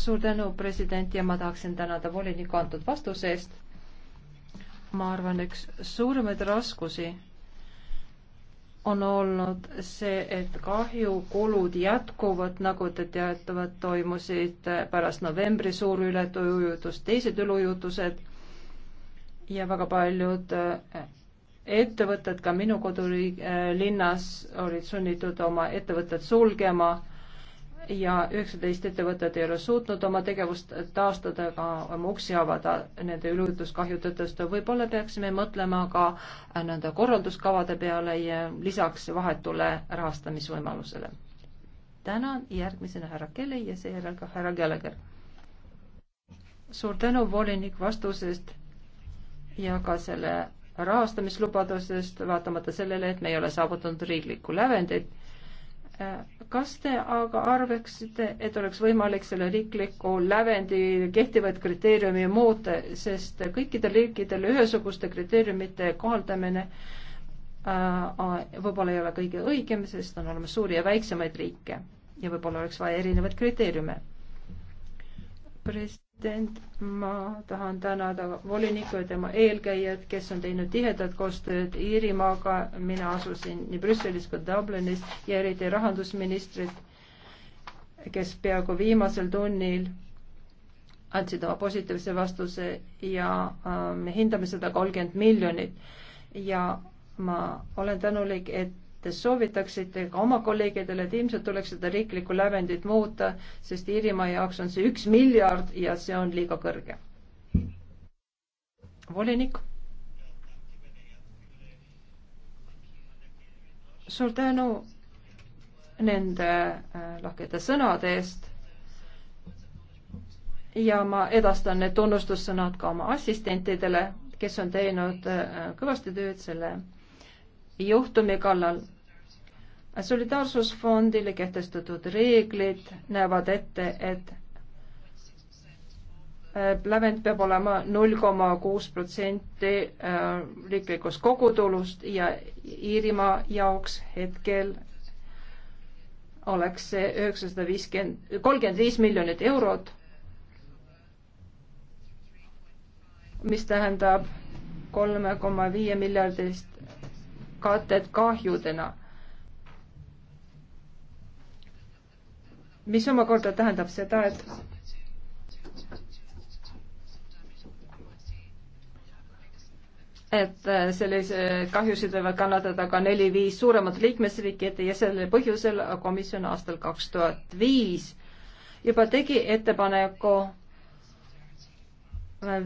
Speaker 3: suur tänu, president, ja ma tahaksin tänada voliniku antud vastuse eest. ma arvan, üks suurimaid raskusi on olnud see, et kahjukulud jätkuvad, nagu te teatavad, toimusid pärast novembri suurületujutust teised ülejutused ja väga paljud äh, ettevõtted ka minu koduriik- äh,, linnas olid sunnitud oma ettevõtted sulgema ja üheksateist ettevõtet ei ole suutnud oma tegevust taastada ega oma uksi avada nende üleujutuskahjude tõttu. võib-olla peaksime mõtlema ka nende korralduskavade peale ja lisaks vahetule rahastamisvõimalusele. tänan, järgmisena härra Kelly ja seejärel ka härra Gallagher. suur tänu, volinik, vastuse eest ja ka selle rahastamislubadusest, vaatamata sellele, et me ei ole saavutanud riiklikku lävendit kas te aga arvaksite, et oleks võimalik selle riikliku lävendi kehtivaid kriteeriumi muuta, sest kõikidel riikidel ühesuguste kriteeriumite kohaldamine äh, võib-olla ei ole kõige õigem, sest on olemas suuri ja väiksemaid riike ja võib-olla oleks vaja erinevaid kriteeriume president, ma tahan tänada volinikku ja tema eelkäijad, kes on teinud tihedat koostööd Iirimaaga, mina asusin nii Brüsselis kui Dublinis ja eriti rahandusministrid, kes peaaegu viimasel tunnil andsid oma positiivse vastuse ja ähm, me hindame seda kolmkümmend miljonit ja ma olen tänulik, et te soovitaksite ka oma kolleegidele, et ilmselt tuleks seda riiklikku lävendit muuta, sest Iirimaa jaoks on see üks miljard ja see on liiga kõrge. volinik. suur tänu nende äh, lahkete sõnade eest. ja ma edastan need tunnustussõnad ka oma assistentidele, kes on teinud äh, kõvasti tööd selle juhtumi kallal. solidaarsusfondile kehtestatud reeglid näevad ette, et äh, lävend peab olema null koma kuus protsenti äh, riiklikust kogutulust ja Iirimaa jaoks hetkel oleks see üheksasada viiskümmend, kolmkümmend viis miljonit eurot, mis tähendab kolme koma viie miljardist katet kahjudena. mis omakorda tähendab seda, et et äh, sellise kahjusid võivad kannatada ka neli-viis suuremat liikmesriiki ja sellel põhjusel komisjon aastal kaks tuhat viis juba tegi ettepaneku äh,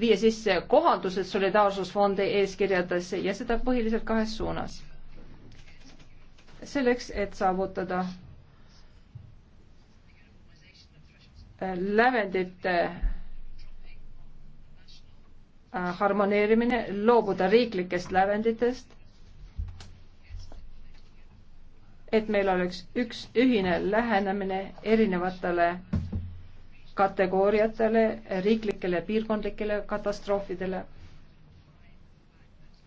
Speaker 3: viia sisse kohandused Solidaarsusfondi eeskirjadesse ja seda põhiliselt kahes suunas. selleks, et saavutada äh, lävendite äh, harmoneerimine, loobuda riiklikest lävenditest, et meil oleks üks ühine lähenemine erinevatele kategooriatele, riiklikele piirkondlikele katastroofidele.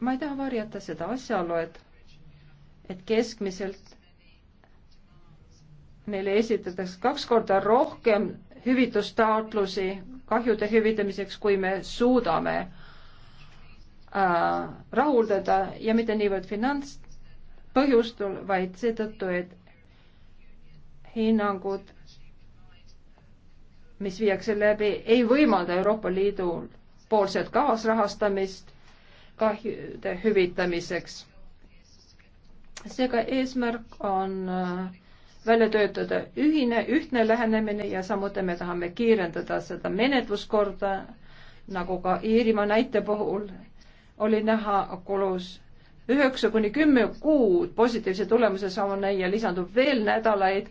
Speaker 3: ma ei taha varjata seda asjaolu, et, et keskmiselt meile esitatakse kaks korda rohkem hüvitustaotlusi kahjude hüvitamiseks, kui me suudame äh, rahuldada ja mitte niivõrd finantspõhjustel, vaid seetõttu, et hinnangud mis viiakse läbi, ei võimalda Euroopa Liidu poolset kaasrahastamist kahjude hüvitamiseks. seega eesmärk on äh, välja töötada ühine, ühtne lähenemine ja samuti me tahame kiirendada seda menetluskorda, nagu ka Iirimaa näite puhul oli näha, kulus üheksa kuni kümme kuud positiivse tulemuse saamine ja lisandub veel nädalaid,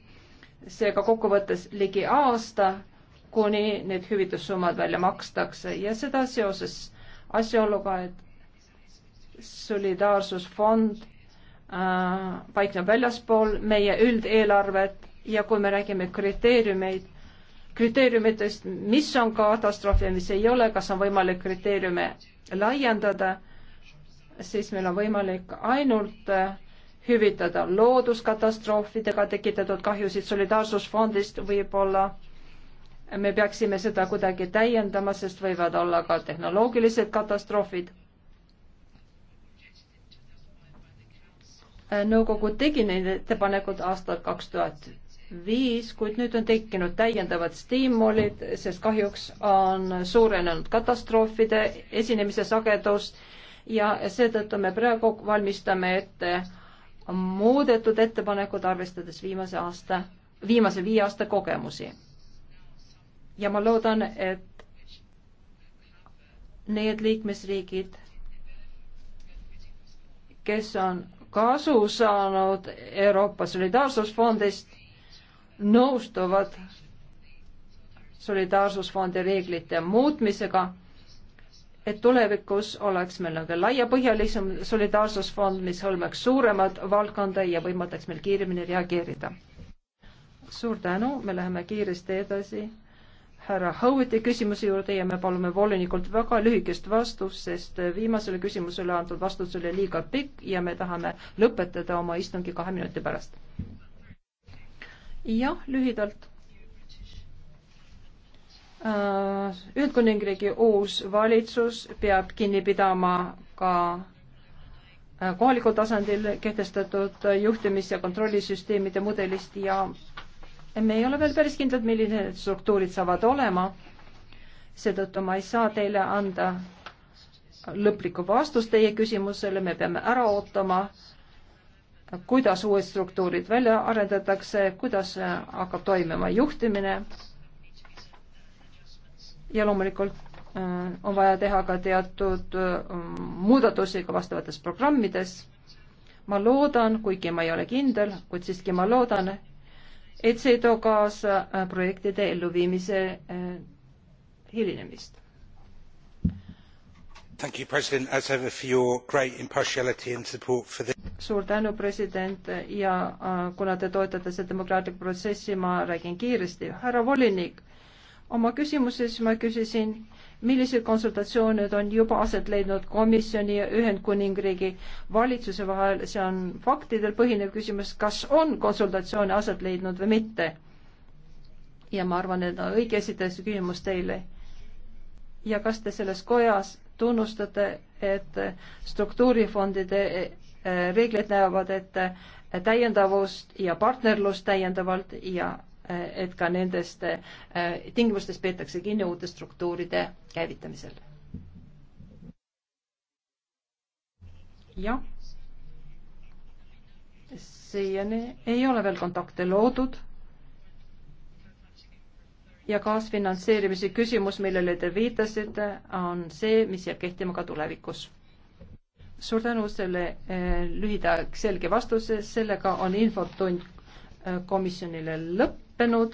Speaker 3: seega kokkuvõttes ligi aasta kuni need hüvitussummad välja makstakse ja seda seoses asjaoluga, et solidaarsusfond äh, paikneb väljaspool meie üldeelarvet ja kui me räägime kriteeriumeid, kriteeriumitest, mis on katastroof ja mis ei ole, kas on võimalik kriteeriume laiendada, siis meil on võimalik ainult äh, hüvitada looduskatastroofidega tekitatud kahjusid solidaarsusfondist võib-olla me peaksime seda kuidagi täiendama, sest võivad olla ka tehnoloogilised katastroofid. nõukogu tegi need ettepanekud aastal kaks tuhat viis, kuid nüüd on tekkinud täiendavad stiimulid, sest kahjuks on suurenenud katastroofide esinemise sagedus ja seetõttu me praegu valmistame ette muudetud ettepanekud, arvestades viimase aasta, viimase viie aasta kogemusi ja ma loodan, et need liikmesriigid, kes on kasu saanud Euroopa Solidaarsusfondist, nõustuvad solidaarsusfondi reeglite muutmisega, et tulevikus oleks meil nagu laiapõhjalisem solidaarsusfond, mis hõlmaks suuremat valdkonda ja võimaldaks meil kiiremini reageerida. suur tänu, me läheme kiiresti edasi härra Howardi küsimuse juurde ja me palume volinikult väga lühikest vastust, sest viimasele küsimusele antud vastus oli liiga pikk ja me tahame lõpetada oma istungi kahe minuti pärast. jah, lühidalt. Äh, Ühendkuningriigi uus valitsus peab kinni pidama ka äh, kohalikul tasandil kehtestatud juhtimis- ja kontrollisüsteemide mudelist ja me ei ole veel päris kindlad, milline struktuurid saavad olema. seetõttu ma ei saa teile anda lõplikku vastust teie küsimusele, me peame ära ootama, kuidas uued struktuurid välja arendatakse, kuidas hakkab toimima juhtimine. ja loomulikult äh, on vaja teha ka teatud äh, muudatusi ka vastavates programmides. ma loodan, kuigi ma ei ole kindel, kuid siiski ma loodan, et see ei too kaasa äh, projektide elluviimise äh, hilinemist.
Speaker 2: Thank you, President, as ever for
Speaker 1: your great impartiality and support for this.
Speaker 3: suur tänu, president, ja äh, kuna te toetate seda demokraatlikku protsessi, ma räägin kiiresti. härra volinik, oma küsimuses ma küsisin millised konsultatsioonid on juba aset leidnud komisjoni ja Ühendkuningriigi valitsuse vahel, see on faktidel põhinev küsimus, kas on konsultatsioone aset leidnud või mitte. ja ma arvan, et on õige esitada see küsimus teile. ja kas te selles kojas tunnustate, et struktuurifondide eh, reeglid näevad ette eh, täiendavust ja partnerlust täiendavalt ja et ka nendest äh, tingimustest peetakse kinni uute struktuuride käivitamisel. jah, siiani ei ole veel kontakte loodud ja kaasfinantseerimise küsimus, millele te viitasite, on see, mis jääb kehtima ka tulevikus. suur tänu selle äh, lühida selge vastuse, sellega on infotund äh, komisjonile lõpp lõppenud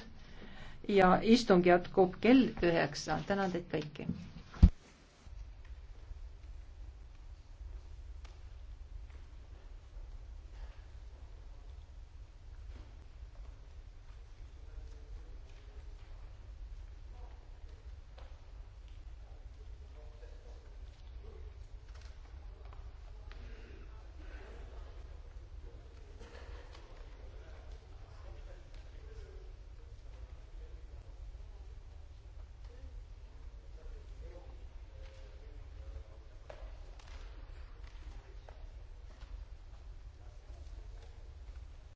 Speaker 3: ja istung jätkub kell üheksa. tänan teid kõiki!